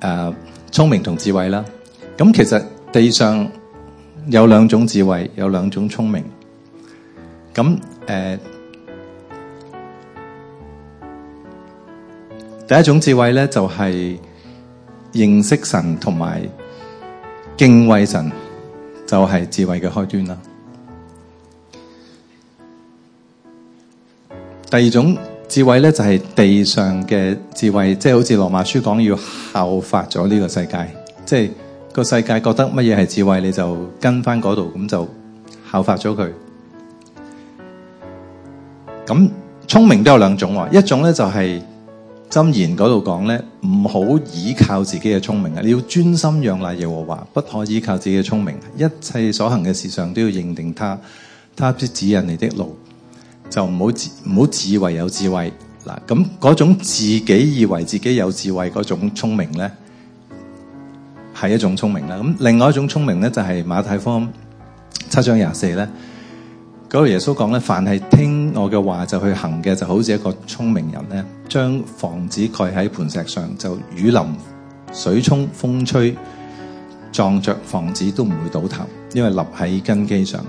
呃，聰明同智慧啦。咁其實地上有兩種智慧，有兩種聰明。咁誒、呃，第一種智慧咧就係、是、認識神同埋敬畏神，就係、是、智慧嘅開端啦。第二種。智慧咧就係、是、地上嘅智慧，即、就、係、是、好似羅馬書講要效法咗呢個世界，即、就、係、是、個世界覺得乜嘢係智慧，你就跟翻嗰度，咁就效法咗佢。咁聰明都有兩種，一種咧就係、是、箴言嗰度講咧，唔好依靠自己嘅聰明啊！你要專心仰賴耶和華，不可依靠自己嘅聰明，一切所行嘅事上都要認定他，他必指引你的路。就唔好自唔好自以為有智慧嗱，咁嗰種自己以為自己有智慧嗰種聰明咧，係一種聰明啦。咁另外一種聰明咧，就係馬太福音七章廿四咧，嗰度耶穌講咧，凡係聽我嘅話就去行嘅，就好似一個聰明人咧，將房子蓋喺磐石上，就雨淋、水沖、風吹，撞着房子都唔會倒塌，因為立喺根基上。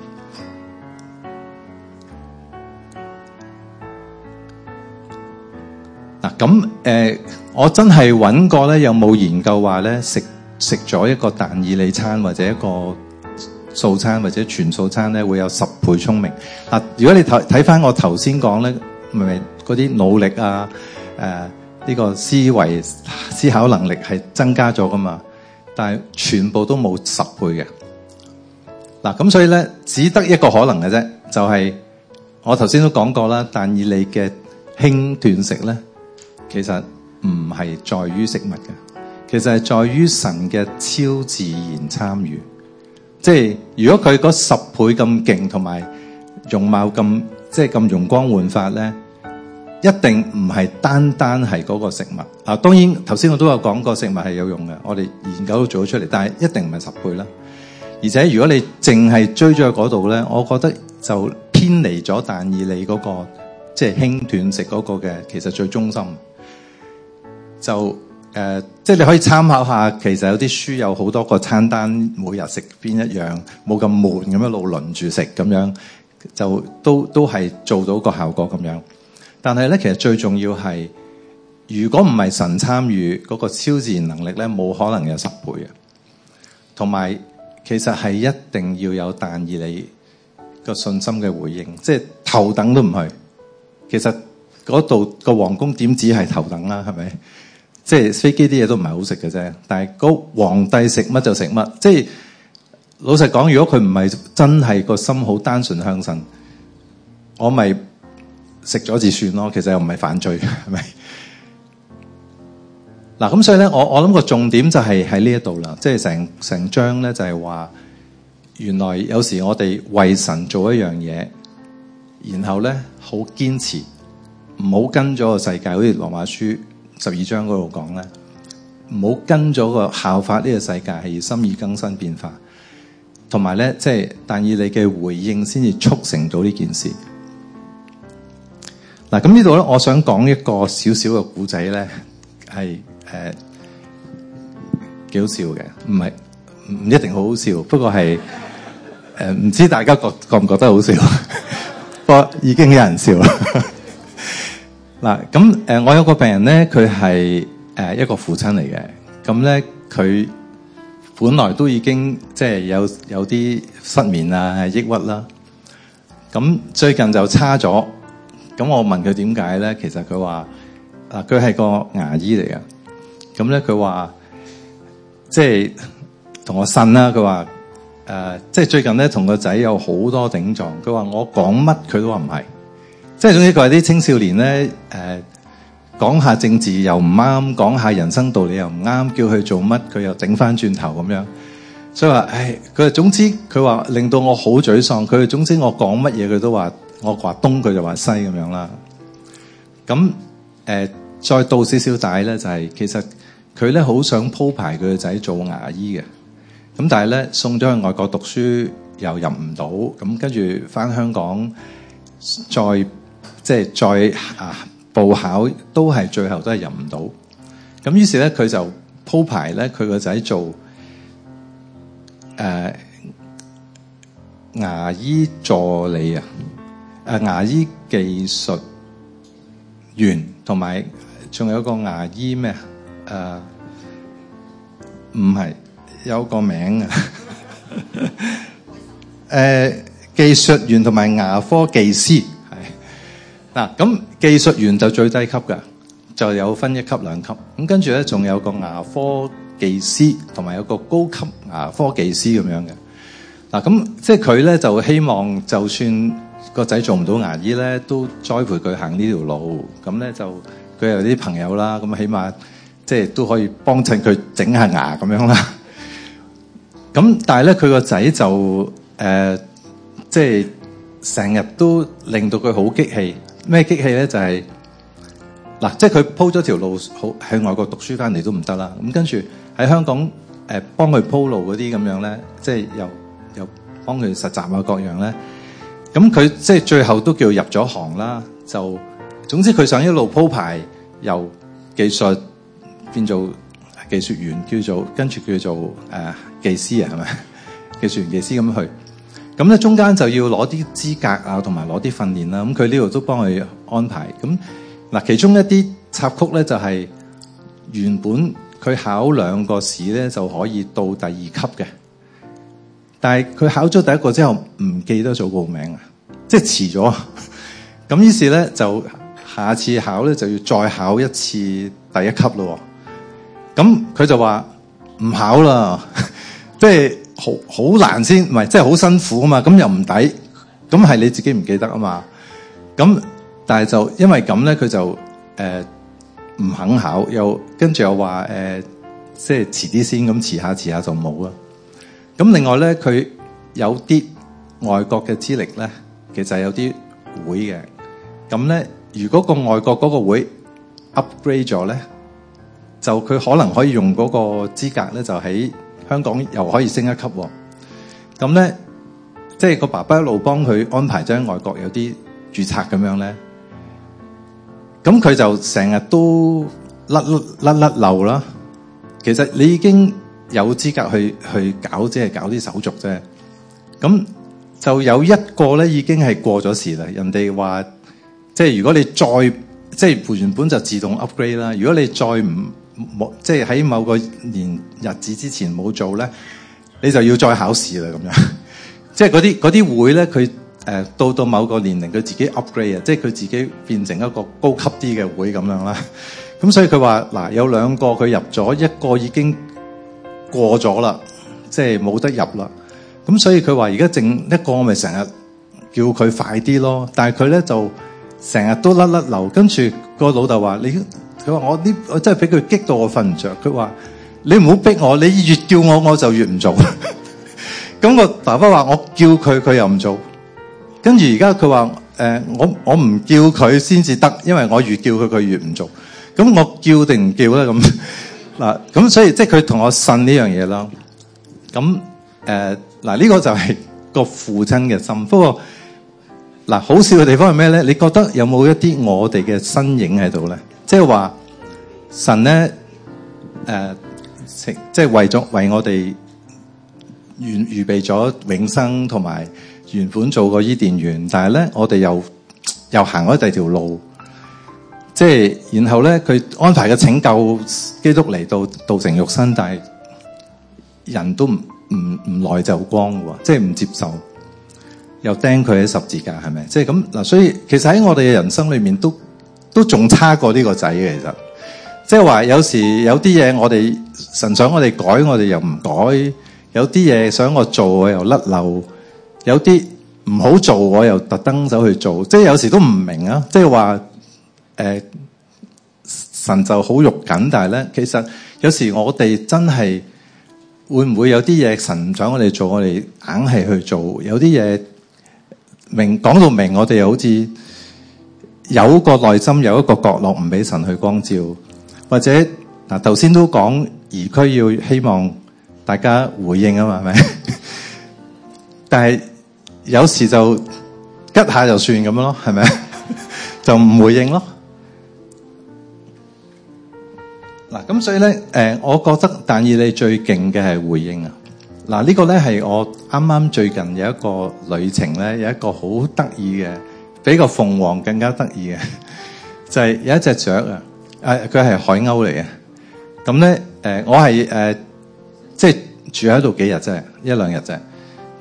咁誒、呃，我真係揾過咧，有冇研究話咧食食咗一個但以理餐或者一個素餐或者全素餐咧，會有十倍聰明嗱、呃。如果你睇睇翻我頭先講咧，咪嗰啲努力啊，誒、呃、呢、呢個思維思考能力係增加咗噶嘛，但係全部都冇十倍嘅嗱。咁、呃、所以咧，只得一個可能嘅啫，就係、是、我頭先都講過啦，但以理嘅輕斷食咧。其實唔係在於食物嘅，其實係在於神嘅超自然參與。即係如果佢嗰十倍咁勁，同埋容貌咁即係咁容光煥發咧，一定唔係單單係嗰個食物。嗱，當然頭先我都有講過，食物係有用嘅，我哋研究都做咗出嚟，但係一定唔係十倍啦。而且如果你淨係追咗去嗰度咧，我覺得就偏離咗但以理嗰、那個即係、就是、輕斷食嗰個嘅，其實最中心。就誒、呃，即係你可以參考一下，其實有啲書有好多個餐單，每日食邊一樣，冇咁悶咁一路輪住食咁樣，就都都係做到個效果咁樣。但係咧，其實最重要係，如果唔係神參與嗰個超自然能力咧，冇可能有十倍嘅。同埋，其實係一定要有但以理你個信心嘅回應，即係頭等都唔係。其實嗰度、嗰個皇宮點止係頭等啦，啊，係咪？即係飛機啲嘢都唔係好食嘅啫，但係個皇帝食乜就食乜。即係老實講，如果佢唔係真係個心好單純向神，我咪食咗就算咯。其實又唔係犯罪，係咪？嗱，咁所以咧，我我諗個重點就係喺呢一度啦。即係成成章咧就係話，原來有時我哋為神做一樣嘢，然後咧好堅持，唔好跟咗個世界，好似羅馬書。十二章嗰度講咧，唔好跟咗個效法呢個世界，係心意更新變化，同埋咧即係，但以理嘅回應先至促成到呢件事。嗱，咁呢度咧，我想講一個少少嘅古仔咧，係誒幾好笑嘅，唔係唔一定好好笑，不過係誒唔知大家覺覺唔覺得好笑？不過 已經有人笑啦。嗱，咁、呃、我有個病人咧，佢係、呃、一個父親嚟嘅，咁咧佢本來都已經即係有有啲失眠啊、抑鬱啦，咁最近就差咗。咁我問佢點解咧？其實佢話，啊、呃，佢係個牙醫嚟嘅，咁咧佢話，即係同我呻啦。佢話，呃，即係最近咧同個仔有好多頂撞。佢話我講乜佢都話唔係。即係總之佢話啲青少年咧，誒、啊，講下政治又唔啱，講下人生道理又唔啱，叫佢做乜佢又頂翻轉頭咁樣，所以話，唉，佢總之佢話令到我好沮喪，佢總之我講乜嘢佢都話我話東佢就話西咁樣啦。咁誒、啊，再到少少大咧就係、是，其實佢咧好想鋪排佢個仔做牙醫嘅，咁但係咧送咗去外國讀書又入唔到，咁跟住翻香港再。即係再啊，報考都係最後都係入唔到。咁於是咧，佢就鋪排咧，佢個仔做誒牙醫助理啊，誒、啊、牙醫技術員，同埋仲有、仲有個牙醫咩啊？誒唔係，有個名啊？誒、 啊、技術員同埋牙科技師。嗱，咁技術員就最低級嘅，就有分一級兩級。咁跟住咧，仲有個牙科技師，同埋有個高級牙科技師咁樣嘅。嗱，咁即係佢咧就希望，就算個仔做唔到牙醫咧，都栽培佢行呢條路。咁咧就佢有啲朋友啦，咁起碼即係都可以幫襯佢整下牙咁樣啦。咁但係咧，佢個仔就誒、呃，即係成日都令到佢好激氣。咩機器咧？就係、是、嗱，即係佢鋪咗條路，好喺外國讀書翻嚟都唔得啦。咁跟住喺香港誒幫佢鋪路嗰啲咁樣咧，即係又又幫佢實習啊各樣咧。咁佢即係最後都叫入咗行啦。就總之佢想一路鋪排，由技術變做技術員，叫做跟住叫做誒、呃、技師啊，係咪技術員技師咁去？咁咧，中間就要攞啲資格啊，同埋攞啲訓練啦。咁佢呢度都幫佢安排。咁嗱，其中一啲插曲咧，就係原本佢考兩個試咧，就可以到第二級嘅。但係佢考咗第一個之後，唔記得咗報名啊，即係遲咗。咁於是咧，就下次考咧就要再考一次第一級咯。咁佢就話唔考啦，即係。好好難先，唔係，即係好辛苦啊嘛，咁又唔抵，咁係你自己唔記得啊嘛，咁但係就因為咁咧，佢就誒唔、呃、肯考，又跟住又話誒、呃，即係遲啲先，咁遲下遲下就冇啦。咁另外咧，佢有啲外國嘅資歷咧，其實係有啲會嘅，咁咧如果個外國嗰個會 upgrade 咗咧，就佢可能可以用嗰個資格咧，就喺。香港又可以升一級，咁咧，即係個爸爸一路幫佢安排咗喺外國有啲註冊咁樣咧，咁佢就成日都甩甩甩甩漏啦。其實你已經有資格去去搞，即係搞啲手續啫。咁就有一個咧，已經係過咗時啦。人哋話，即係如果你再即係原本就自動 upgrade 啦，如果你再唔，冇即係喺某個年日子之前冇做咧，你就要再考試啦咁樣。即係嗰啲嗰啲會咧，佢誒到到某個年齡佢自己 upgrade 啊，即係佢自己變成一個高級啲嘅會咁樣啦。咁所以佢話嗱，有兩個，佢入咗一個已經過咗啦，即係冇得入啦。咁所以佢話而家剩一個，我咪成日叫佢快啲咯，但係佢咧就成日都甩甩流，跟住個老豆話你。佢話我呢，我真係俾佢激到我瞓唔着。佢話你唔好逼我，你越叫我我就越唔做。咁 個爸爸話我叫佢，佢又唔做。跟住而家佢話誒，我我唔叫佢先至得，因為我越叫佢佢越唔做。咁我叫定唔叫咧？咁嗱咁，所以即係佢同我呻呢樣嘢啦。咁誒嗱呢個就係個父親嘅心。不過嗱、呃、好笑嘅地方係咩咧？你覺得有冇一啲我哋嘅身影喺度咧？即係話神咧，誒、呃，即、就、係、是、為咗為我哋預預備咗永生同埋原本做個伊甸園，但係咧我哋又又行咗第二條路，即、就、係、是、然後咧佢安排嘅拯救基督嚟到道，道成肉身，但係人都唔唔唔耐就光嘅喎，即係唔接受，又釘佢喺十字架係咪？即係咁嗱，所以其實喺我哋嘅人生裏面都。都仲差過呢個仔嘅，其實即係話，有時有啲嘢我哋神想我哋改，我哋又唔改；有啲嘢想我做，我又甩漏；有啲唔好做，我又特登走去做。即係有時都唔明啊！即係話，誒、呃，神就好肉緊，但係咧，其實有時我哋真係會唔會有啲嘢神想我哋做，我哋硬係去做；有啲嘢明講到明我，我哋又好似。有個內心有一個角落唔俾神去光照，或者嗱，頭先都講，而區要希望大家回應啊嘛，係咪？但係有時就吉下就算咁樣咯，係咪？就唔回應咯。嗱，咁所以咧，誒，我覺得但以理最勁嘅係回應啊。嗱，呢個咧係我啱啱最近有一個旅程咧，有一個好得意嘅。比個鳳凰更加得意嘅，就係、是、有一隻雀啊，誒，佢係海鷗嚟嘅。咁咧，誒，我係誒，即、呃、係、就是、住喺度幾日啫，一兩日啫。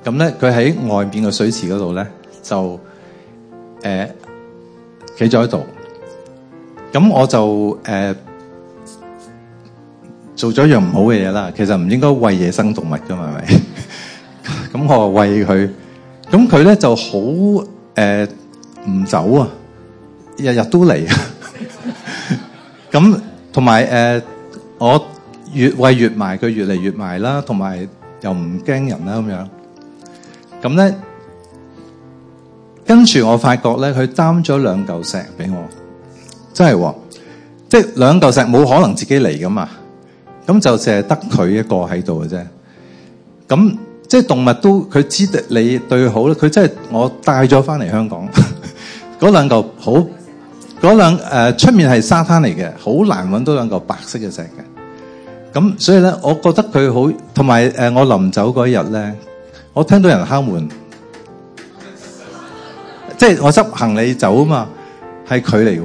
咁咧，佢喺外邊個水池嗰度咧，就誒企咗喺度。咁、呃、我就誒、呃、做咗一樣唔好嘅嘢啦。其實唔應該餵野生動物噶嘛，係咪？咁 我餵佢，咁佢咧就好誒。呃唔走啊！日日都嚟啊，咁同埋誒，我越喂越埋，佢越嚟越埋啦。同埋又唔驚人啦，咁樣咁咧，跟住我發覺咧，佢擔咗兩嚿石俾我，真係喎，即係兩嚿石冇可能自己嚟噶嘛。咁就淨係得佢一個喺度嘅啫。咁即係動物都佢知得你對佢好咧，佢真係我帶咗翻嚟香港。嗰兩嚿好，嗰兩出面係沙灘嚟嘅，好難揾到兩嚿白色嘅石嘅。咁所以咧，我覺得佢好，同埋誒我臨走嗰一日咧，我聽到人敲門，即係 我執行李走啊嘛，係佢嚟喎。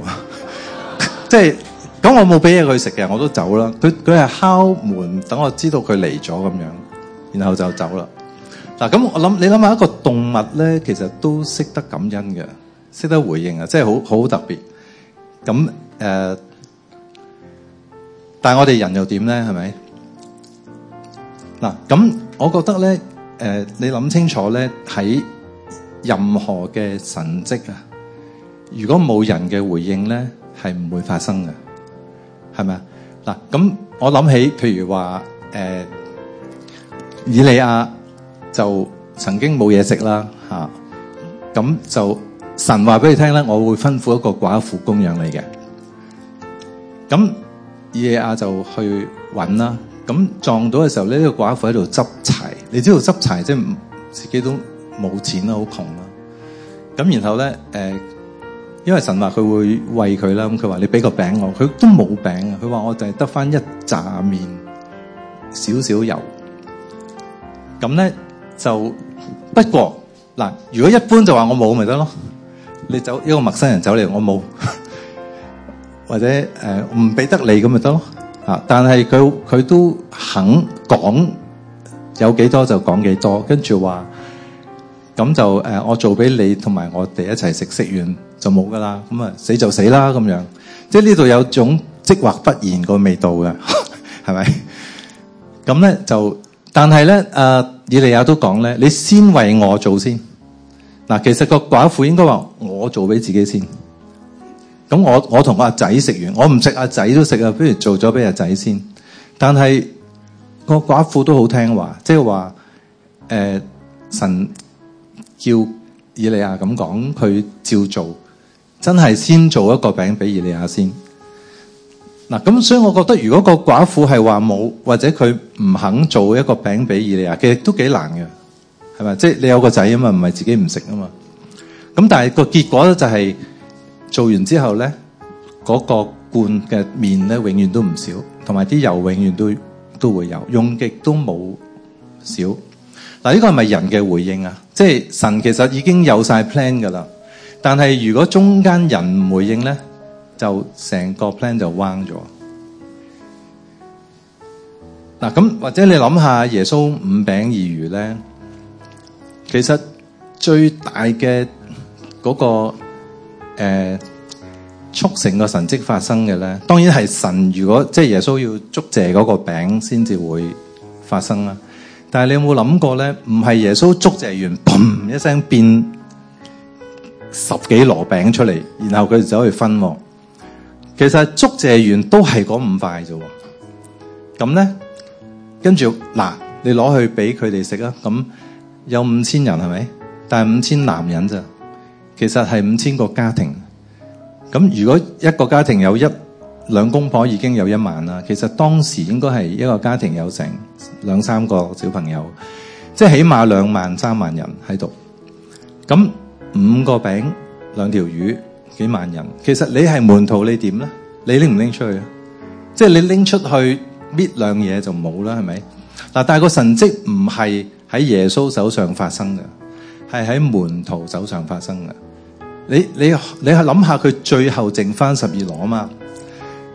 即係咁，我冇俾嘢佢食嘅，我都走啦。佢佢係敲門，等我知道佢嚟咗咁樣，然後就走啦。嗱咁，我諗你諗下一個動物咧，其實都識得感恩嘅。識得回應啊，即係好好特別咁誒。但係我哋人又點咧？係咪？嗱，咁我覺得咧誒、呃，你諗清楚咧，喺任何嘅神跡啊，如果冇人嘅回應咧，係唔會發生嘅，係咪啊？嗱，咁我諗起，譬如話誒、呃，以利亞，就曾經冇嘢食啦嚇，咁、啊、就。神話俾你聽咧，我會吩咐一個寡婦供養你嘅。咁耶亞就去揾啦。咁撞到嘅時候呢、呢個寡婦喺度執柴。你知道執柴即係自己都冇錢啦，好窮啦。咁然後咧，誒、呃，因為神話佢會餵佢啦。咁佢話你俾個餅我，佢都冇餅啊。佢話我就係得翻一紮麵，少少油。咁咧就不過嗱，如果一般就話我冇咪得咯。你走一個陌生人走嚟，我冇，或者誒唔俾得你咁咪得咯吓。但係佢佢都肯講，有幾多就講幾多，跟住話咁就誒，我做俾你同埋我哋一齊食，食完就冇噶啦。咁啊死就死啦咁樣。即係呢度有種即或不然個味道嘅，係咪？咁咧就，但係咧誒，以利亞都講咧，你先為我做先。嗱，其實個寡婦應該話我做俾自己先，咁我我同阿仔食完，我唔食阿仔都食啊，不如做咗俾阿仔先。但係個寡婦都好聽話，即係話，誒、呃，神叫以利亞咁講，佢照做，真係先做一個餅俾以利亞先。嗱，咁所以我覺得如果個寡婦係話冇，或者佢唔肯做一個餅俾以利亞，其實都幾難嘅。係嘛？即係你有個仔啊嘛，唔係自己唔食啊嘛。咁但係個結果咧就係做完之後咧，嗰個罐嘅麵咧永遠都唔少，同埋啲油永遠都都會有，用極都冇少。嗱，呢個係咪人嘅回應啊？即係神其實已經有晒 plan 噶啦，但係如果中間人唔回應咧，就成個 plan 就彎咗。嗱，咁或者你諗下耶穌五餅二魚咧？其實最大嘅嗰、那個誒、呃、促成嘅神蹟發生嘅咧，當然係神。如果即係耶穌要祝謝嗰個餅，先至會發生啦。但係你有冇諗過咧？唔係耶穌祝謝完，砰一聲變十幾籮餅出嚟，然後佢哋走去分。其實祝謝完都係嗰五塊啫。咁咧，跟住嗱，你攞去俾佢哋食啊。咁有五千人係咪？但係五千男人咋？其實係五千個家庭。咁如果一個家庭有一兩公婆，已經有一萬啦。其實當時應該係一個家庭有成兩三個小朋友，即係起碼兩萬三萬人喺度。咁五個餅，兩條魚，幾萬人，其實你係門徒，你點咧？你拎唔拎出去啊？即係你拎出去搣兩嘢就冇啦，係咪？嗱，但係個神蹟唔係。喺耶穌手上發生嘅，係喺門徒手上發生嘅。你你你諗下，佢最後剩翻十二籮嘛，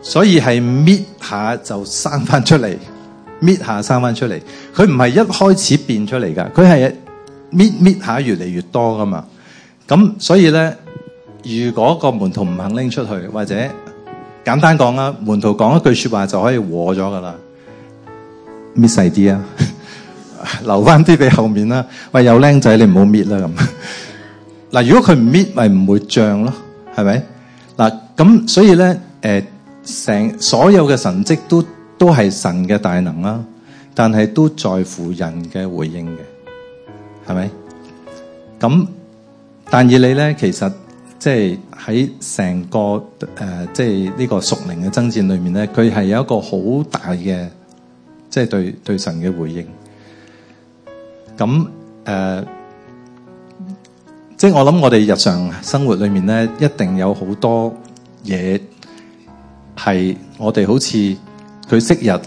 所以係搣下就生翻出嚟，搣下生翻出嚟。佢唔係一開始變出嚟噶，佢係搣搣下越嚟越多噶嘛。咁所以咧，如果個門徒唔肯拎出去，或者簡單講啦，門徒講一句說話就可以和咗噶啦，搣細啲啊。留翻啲俾後面啦。喂，有僆仔你唔好搣啦咁嗱。如果佢唔搣咪唔會漲咯，係咪嗱？咁所以咧，誒、呃,成所有嘅神蹟都都係神嘅大能啦,但係都在乎人嘅回應嘅，係咪？咁但以理咧，其實即係喺成個誒，即係呢個屬靈嘅爭戰裏面咧，佢係有一個好大嘅，即係對對神嘅回應。咁誒、呃，即係我諗，我哋日常生活裏面咧，一定有好多嘢係我哋好似佢昔日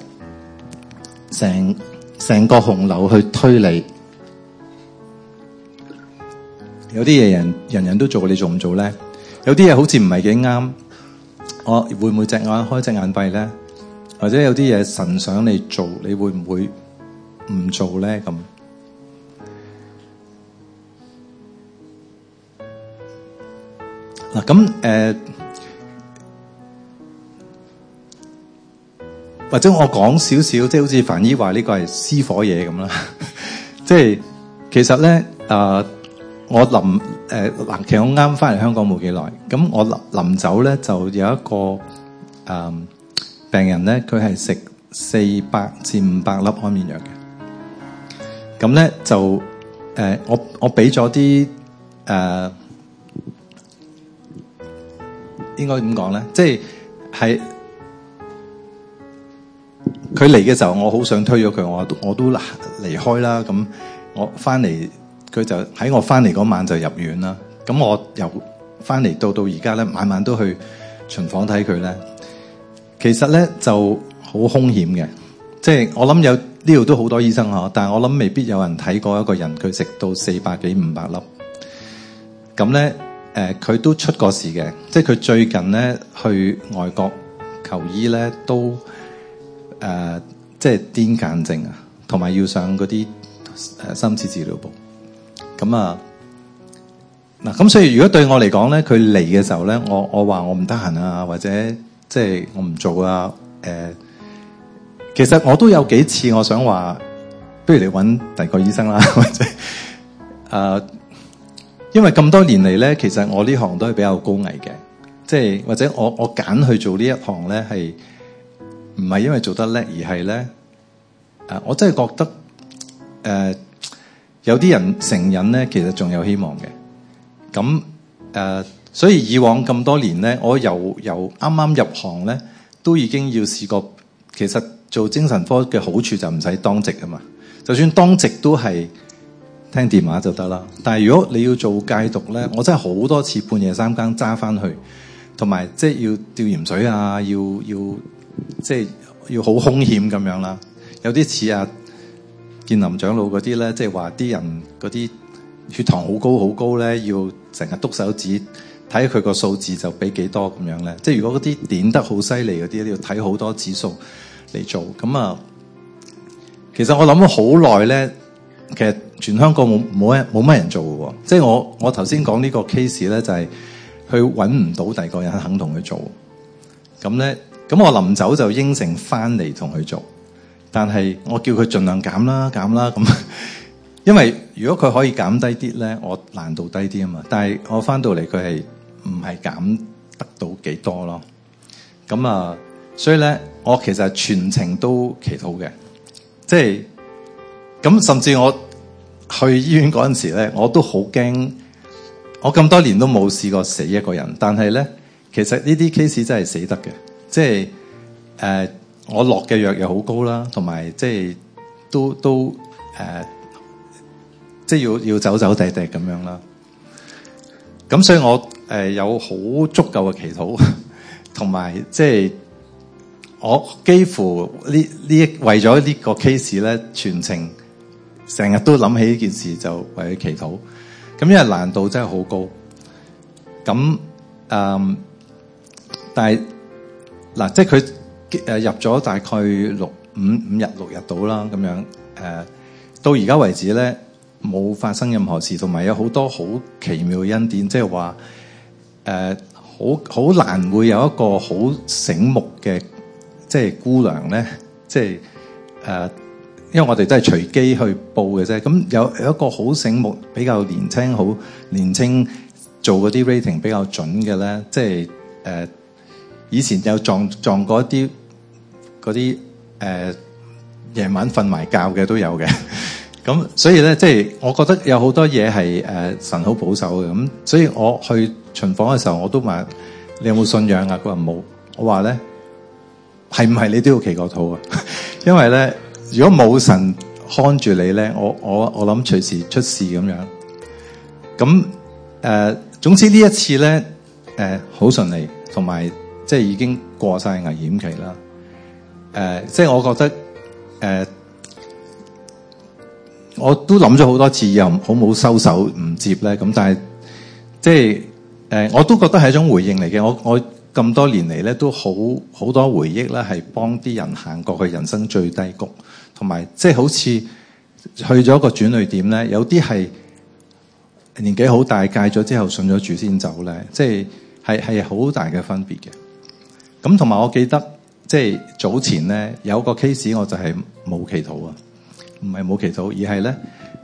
成成個洪流去推你。有啲嘢人人人都做，你做唔做咧？有啲嘢好似唔係幾啱，我會唔會隻眼開隻眼閉咧？或者有啲嘢神想你做，你會唔會唔做咧？咁？嗱咁，誒或者我講少少，即係好似樊姨話呢個係私火嘢咁啦。即係其實咧，誒、呃、我臨誒嗱，其實我啱翻嚟香港冇幾耐，咁我臨臨走咧就有一個誒、呃、病人咧，佢係食四百至五百粒安眠藥嘅。咁咧就誒、呃、我我俾咗啲誒。呃應該點講咧？即係，佢嚟嘅時候，我好想推咗佢，我都我都離開啦。咁我翻嚟，佢就喺我翻嚟嗰晚就入院啦。咁我由翻嚟到到而家咧，晚晚都去巡房睇佢咧。其實咧就好兇險嘅，即係我諗有呢度都好多醫生嗬，但係我諗未必有人睇過一個人佢食到四百幾五百粒，咁咧。誒佢、呃、都出過事嘅，即係佢最近咧去外國求醫咧都誒、呃，即係癲癇症啊，同埋要上嗰啲誒深切治療部。咁啊，嗱咁所以如果對我嚟講咧，佢嚟嘅時候咧，我我話我唔得閒啊，或者即係我唔做啊、呃。其實我都有幾次我想話，不如你揾第二個醫生啦，或者啊。呃因為咁多年嚟咧，其實我呢行都係比較高危嘅，即係或者我我揀去做呢一行咧，係唔係因為做得叻，而係咧，誒，我真係覺得誒，有啲人成癮咧，其實仲有希望嘅。咁誒，所以以往咁多年咧，我又由啱啱入行咧，都已經要試過。其實做精神科嘅好處就唔使當值啊嘛，就算當值都係。聽電話就得啦。但係如果你要做戒毒咧，我真係好多次半夜三更揸翻去，同埋即係要吊鹽水啊，要要即係、就是、要好凶險咁樣啦。有啲似啊建林長老嗰啲咧，即係話啲人嗰啲血糖好高好高咧，要成日督手指睇佢個數字就，就俾幾多咁樣咧。即係如果嗰啲點得好犀利嗰啲，你要睇好多指數嚟做咁啊。其實我諗咗好耐咧，其實全香港冇冇一冇乜人做嘅，即係我我頭先講呢個 case 咧，就係佢揾唔到第二個人肯同佢做咁咧。咁我臨走就應承翻嚟同佢做，但係我叫佢盡量減啦，減啦咁。因為如果佢可以減低啲咧，我難度低啲啊嘛。但係我翻到嚟，佢係唔係減得到幾多咯？咁啊，所以咧我其實全程都祈禱嘅，即係咁，那甚至我。去醫院嗰陣時咧，我都好驚。我咁多年都冇試過死一個人，但係咧，其實呢啲 case 真係死得嘅，即係誒、呃，我落嘅藥又好高啦，同埋即係都都誒，即係、呃、要要走走跌跌咁樣啦。咁所以我誒有好足夠嘅祈禱，同埋即係我幾乎呢呢為咗呢個 case 咧全程。成日都諗起呢件事就為佢祈禱，咁因為難度真係好高，咁誒、嗯，但係嗱、啊，即係佢誒入咗大概六五五日六日到啦，咁樣誒、啊，到而家為止咧冇發生任何事，同埋有好多好奇妙嘅恩典，即係話誒，好、啊、好難會有一個好醒目嘅即係姑娘咧，即係誒。啊。因為我哋都係隨機去報嘅啫，咁有有一個好醒目、比較年青、好年青做嗰啲 rating 比較準嘅咧，即係誒、呃、以前有撞撞過一啲嗰啲誒夜晚瞓埋覺嘅都有嘅。咁所以咧，即係我覺得有好多嘢係誒神好保守嘅咁，所以我去巡房嘅時候我都問你有冇信仰啊？佢話冇，我話咧係唔係你都要祈個禱啊？因為咧。如果冇神看住你咧，我我我諗隨時出事咁樣。咁誒、呃，總之呢一次咧，誒好順利，同埋即係已經過晒危險期啦。誒、呃，即係我覺得誒、呃，我都諗咗好多次，又好冇收手唔接咧。咁但係即係誒、呃，我都覺得係一種回應嚟嘅。我我咁多年嚟咧，都好好多回憶呢，係幫啲人行過去人生最低谷。同埋，即係、就是、好似去咗個轉捩點咧，有啲係年紀好大戒咗之後信咗主先走咧，即係係係好大嘅分別嘅。咁同埋，我記得即係、就是、早前咧有個 case，我就係冇祈禱啊，唔係冇祈禱，而係咧、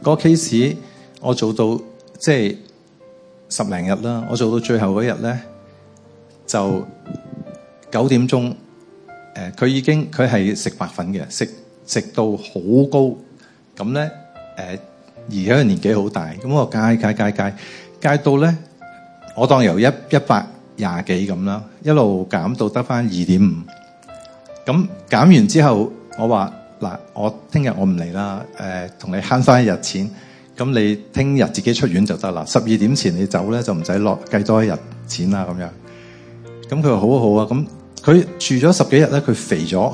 那個 case 我做到即係、就是、十零日啦，我做到最後嗰日咧就九點鐘誒佢已經佢係食白粉嘅食。直到好高，咁咧誒，而家年紀好大，咁我計計計計計到咧，我當由一一百廿幾咁啦，一路減到得翻二點五。咁減完之後，我話嗱，我聽日我唔嚟啦，呃、同你慳翻一日錢。咁你聽日自己出院就得啦，十二點前你走咧就唔使落計多一日錢啦咁樣。咁佢話好好啊，咁佢住咗十幾日咧，佢肥咗。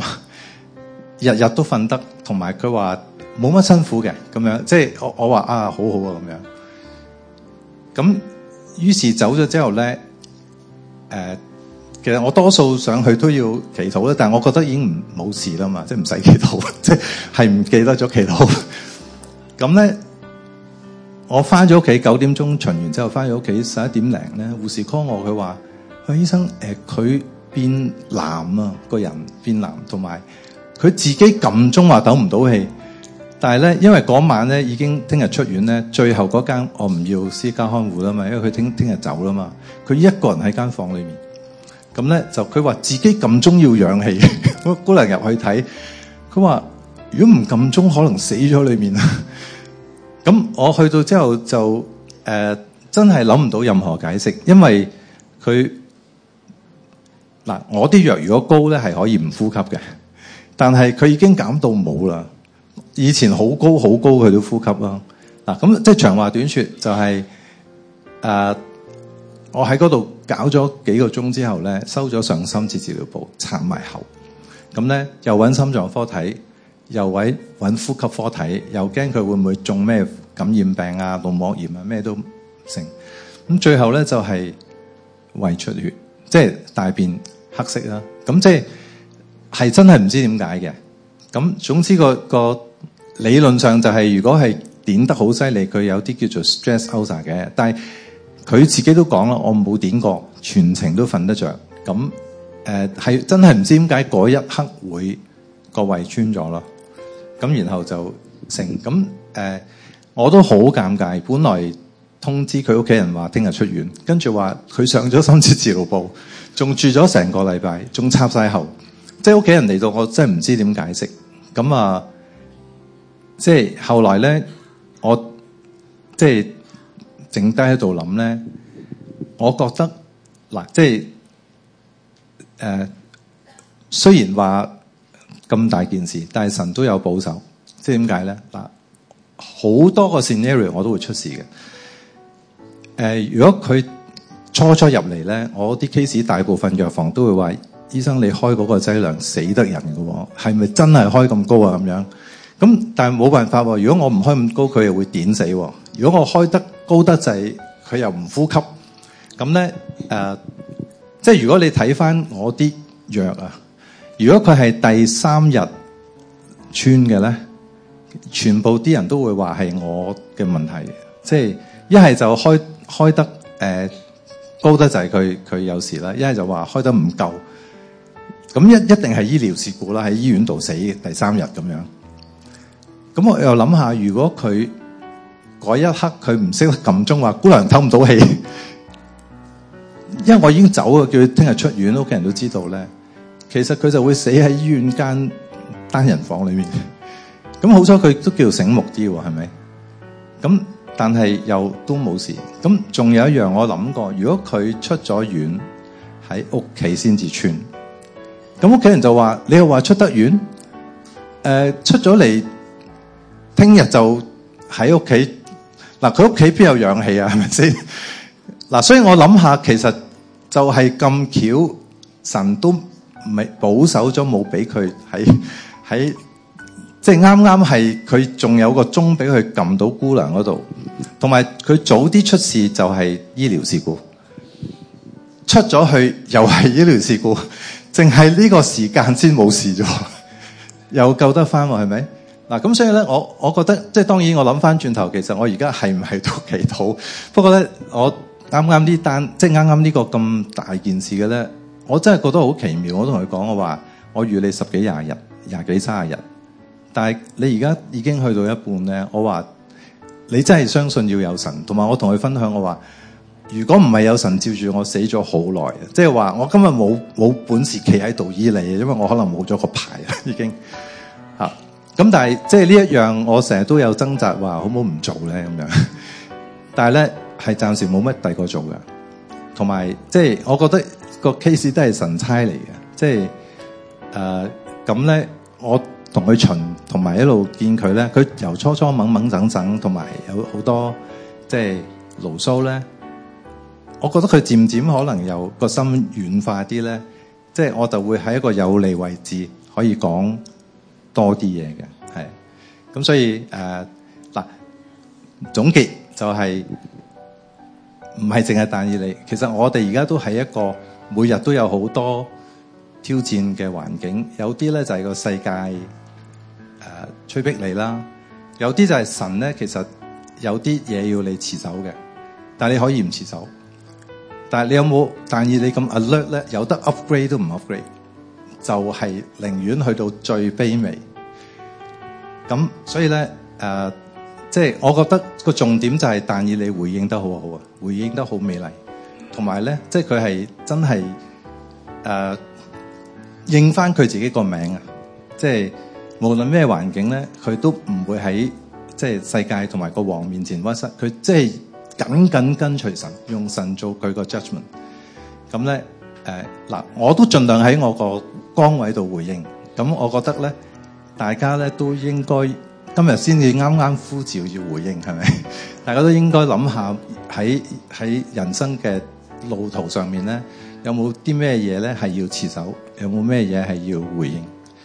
日日都瞓得，同埋佢話冇乜辛苦嘅咁樣，即係我我話啊，好好啊咁樣。咁於是走咗之後咧，誒，其實我多數上去都要祈禱啦，但係我覺得已經唔冇事啦嘛，即係唔使祈禱，即係係唔記得咗祈禱。咁咧，我翻咗屋企九點鐘巡完之後，翻咗屋企十一點零咧，護士 call 我佢話：阿醫生誒佢變藍啊，個人變藍，同埋。佢自己撳鐘話抖唔到氣，但係咧，因為嗰晚咧已經聽日出院咧，最後嗰間我唔要私家看護啦嘛，因為佢聽日走啦嘛。佢一個人喺間房裏面，咁咧就佢話自己撳鐘要氧氣。我姑娘入去睇，佢話如果唔撳鐘可能死咗裏面啦。咁 我去到之後就誒、呃、真係諗唔到任何解釋，因為佢嗱我啲藥如果高咧係可以唔呼吸嘅。但係佢已經減到冇啦，以前好高好高佢都呼吸啦。嗱，咁即係長話短説，就係、是、誒、呃，我喺嗰度搞咗幾個鐘之後咧，收咗上深切治療部，插埋喉，咁咧又揾心臟科睇，又揾揾呼吸科睇，又驚佢會唔會中咩感染病啊、腦膜炎啊咩都成。咁最後咧就係、是、胃出血，即、就、係、是、大便黑色啦。咁即係。係真係唔知點解嘅咁。總之個個理論上就係，如果係點得好犀利，佢有啲叫做 stress ulcer 嘅。但係佢自己都講啦，我冇點過，全程都瞓得着。咁誒係真係唔知點解嗰一刻會個胃穿咗咯。咁然後就成咁誒、呃，我都好尷尬。本來通知佢屋企人話聽日出院，跟住話佢上咗三次治療部，仲住咗成個禮拜，仲插晒喉。即係屋企人嚟到，我真係唔知點解釋。咁啊，即係後來咧，我即係靜低喺度諗咧，我覺得嗱，即係誒、呃，雖然話咁大件事，但係神都有保守。即係點解咧？嗱，好多個 scenario 我都會出事嘅。誒、呃，如果佢初初入嚟咧，我啲 case 大部分藥房都會話。醫生，你開嗰個劑量死得人噶喎、哦，係咪真係開咁高啊咁樣？咁但係冇辦法喎、啊，如果我唔開咁高，佢又會點死、啊？如果我開得高得滯，佢又唔呼吸。咁咧誒，即、呃、係、就是、如果你睇翻我啲藥啊，如果佢係第三日穿嘅咧，全部啲人都會話係我嘅問題。即係一係就開開得誒、呃、高得滯，佢佢有時啦；一係就話開得唔夠。咁一一定係醫療事故啦，喺醫院度死第三日咁樣。咁我又諗下，如果佢嗰一刻佢唔識得撳鐘，話姑娘唞唔到氣， 因為我已經走啊，叫佢聽日出院，屋企人都知道咧。其實佢就會死喺醫院間單人房裏面。咁好彩佢都叫醒目啲，係咪？咁但係又都冇事。咁仲有一樣我諗過，如果佢出咗院喺屋企先至穿。咁屋企人就話，你又話出得院誒、呃，出咗嚟聽日就喺屋企嗱。佢屋企邊有氧氣啊？係咪先嗱？所以我諗下，其實就係咁巧，神都唔係保守咗，冇俾佢喺喺，即係啱啱係佢仲有個鐘俾佢撳到姑娘嗰度，同埋佢早啲出事就係醫療事故，出咗去又係醫療事故。淨係呢個時間先冇事啫，又救得翻喎，係咪？嗱，咁所以咧，我我覺得即係當然，我諗翻轉頭，其實我而家係唔係都祈禱？不過咧，我啱啱呢單，即係啱啱呢個咁大件事嘅咧，我真係覺得好奇妙。我同佢講我話，我預你十幾廿日，廿幾卅日，但係你而家已經去到一半咧。我話你真係相信要有神，同埋我同佢分享我話。如果唔係有神照住我，我死咗好耐，即係話我今日冇冇本事企喺度醫你嘅，因為我可能冇咗個牌已經咁、啊、但係即係呢一樣，我成日都有掙扎，話好唔好唔做咧咁樣。但係咧係暫時冇乜第個做嘅，同埋即係我覺得個 case 都係神差嚟嘅，即係誒咁咧。我同佢巡，同埋一路見佢咧，佢由初初懵懵盛盛，同埋有好多即係牢騷咧。我覺得佢漸漸可能有個心軟化啲咧，即、就、係、是、我就會喺一個有利位置可以講多啲嘢嘅，係咁，所以誒嗱、呃、總結就係唔係淨係彈二你。其實我哋而家都係一個每日都有好多挑戰嘅環境，有啲咧就係、是、個世界誒催、呃、逼你啦，有啲就係神咧，其實有啲嘢要你持守嘅，但係你可以唔持守。但係你有冇但以理咁 alert 咧，有得 upgrade 都唔 upgrade，就係寧願去到最卑微。咁所以咧，誒、呃，即係我覺得個重點就係但以理回應得好好啊，回應得好美麗，同埋咧，即係佢係真係誒應翻佢自己個名啊！即係無論咩環境咧，佢都唔會喺即係世界同埋個王面前屈膝，佢即係。緊緊跟隨神，用神做佢個 judgment 咁咧，誒嗱、呃，我都盡量喺我個崗位度回應，咁我覺得咧，大家咧都應該今日先至啱啱呼召要回應係咪？大家都應該諗下喺喺人生嘅路途上面咧，有冇啲咩嘢咧係要持守，有冇咩嘢係要回應。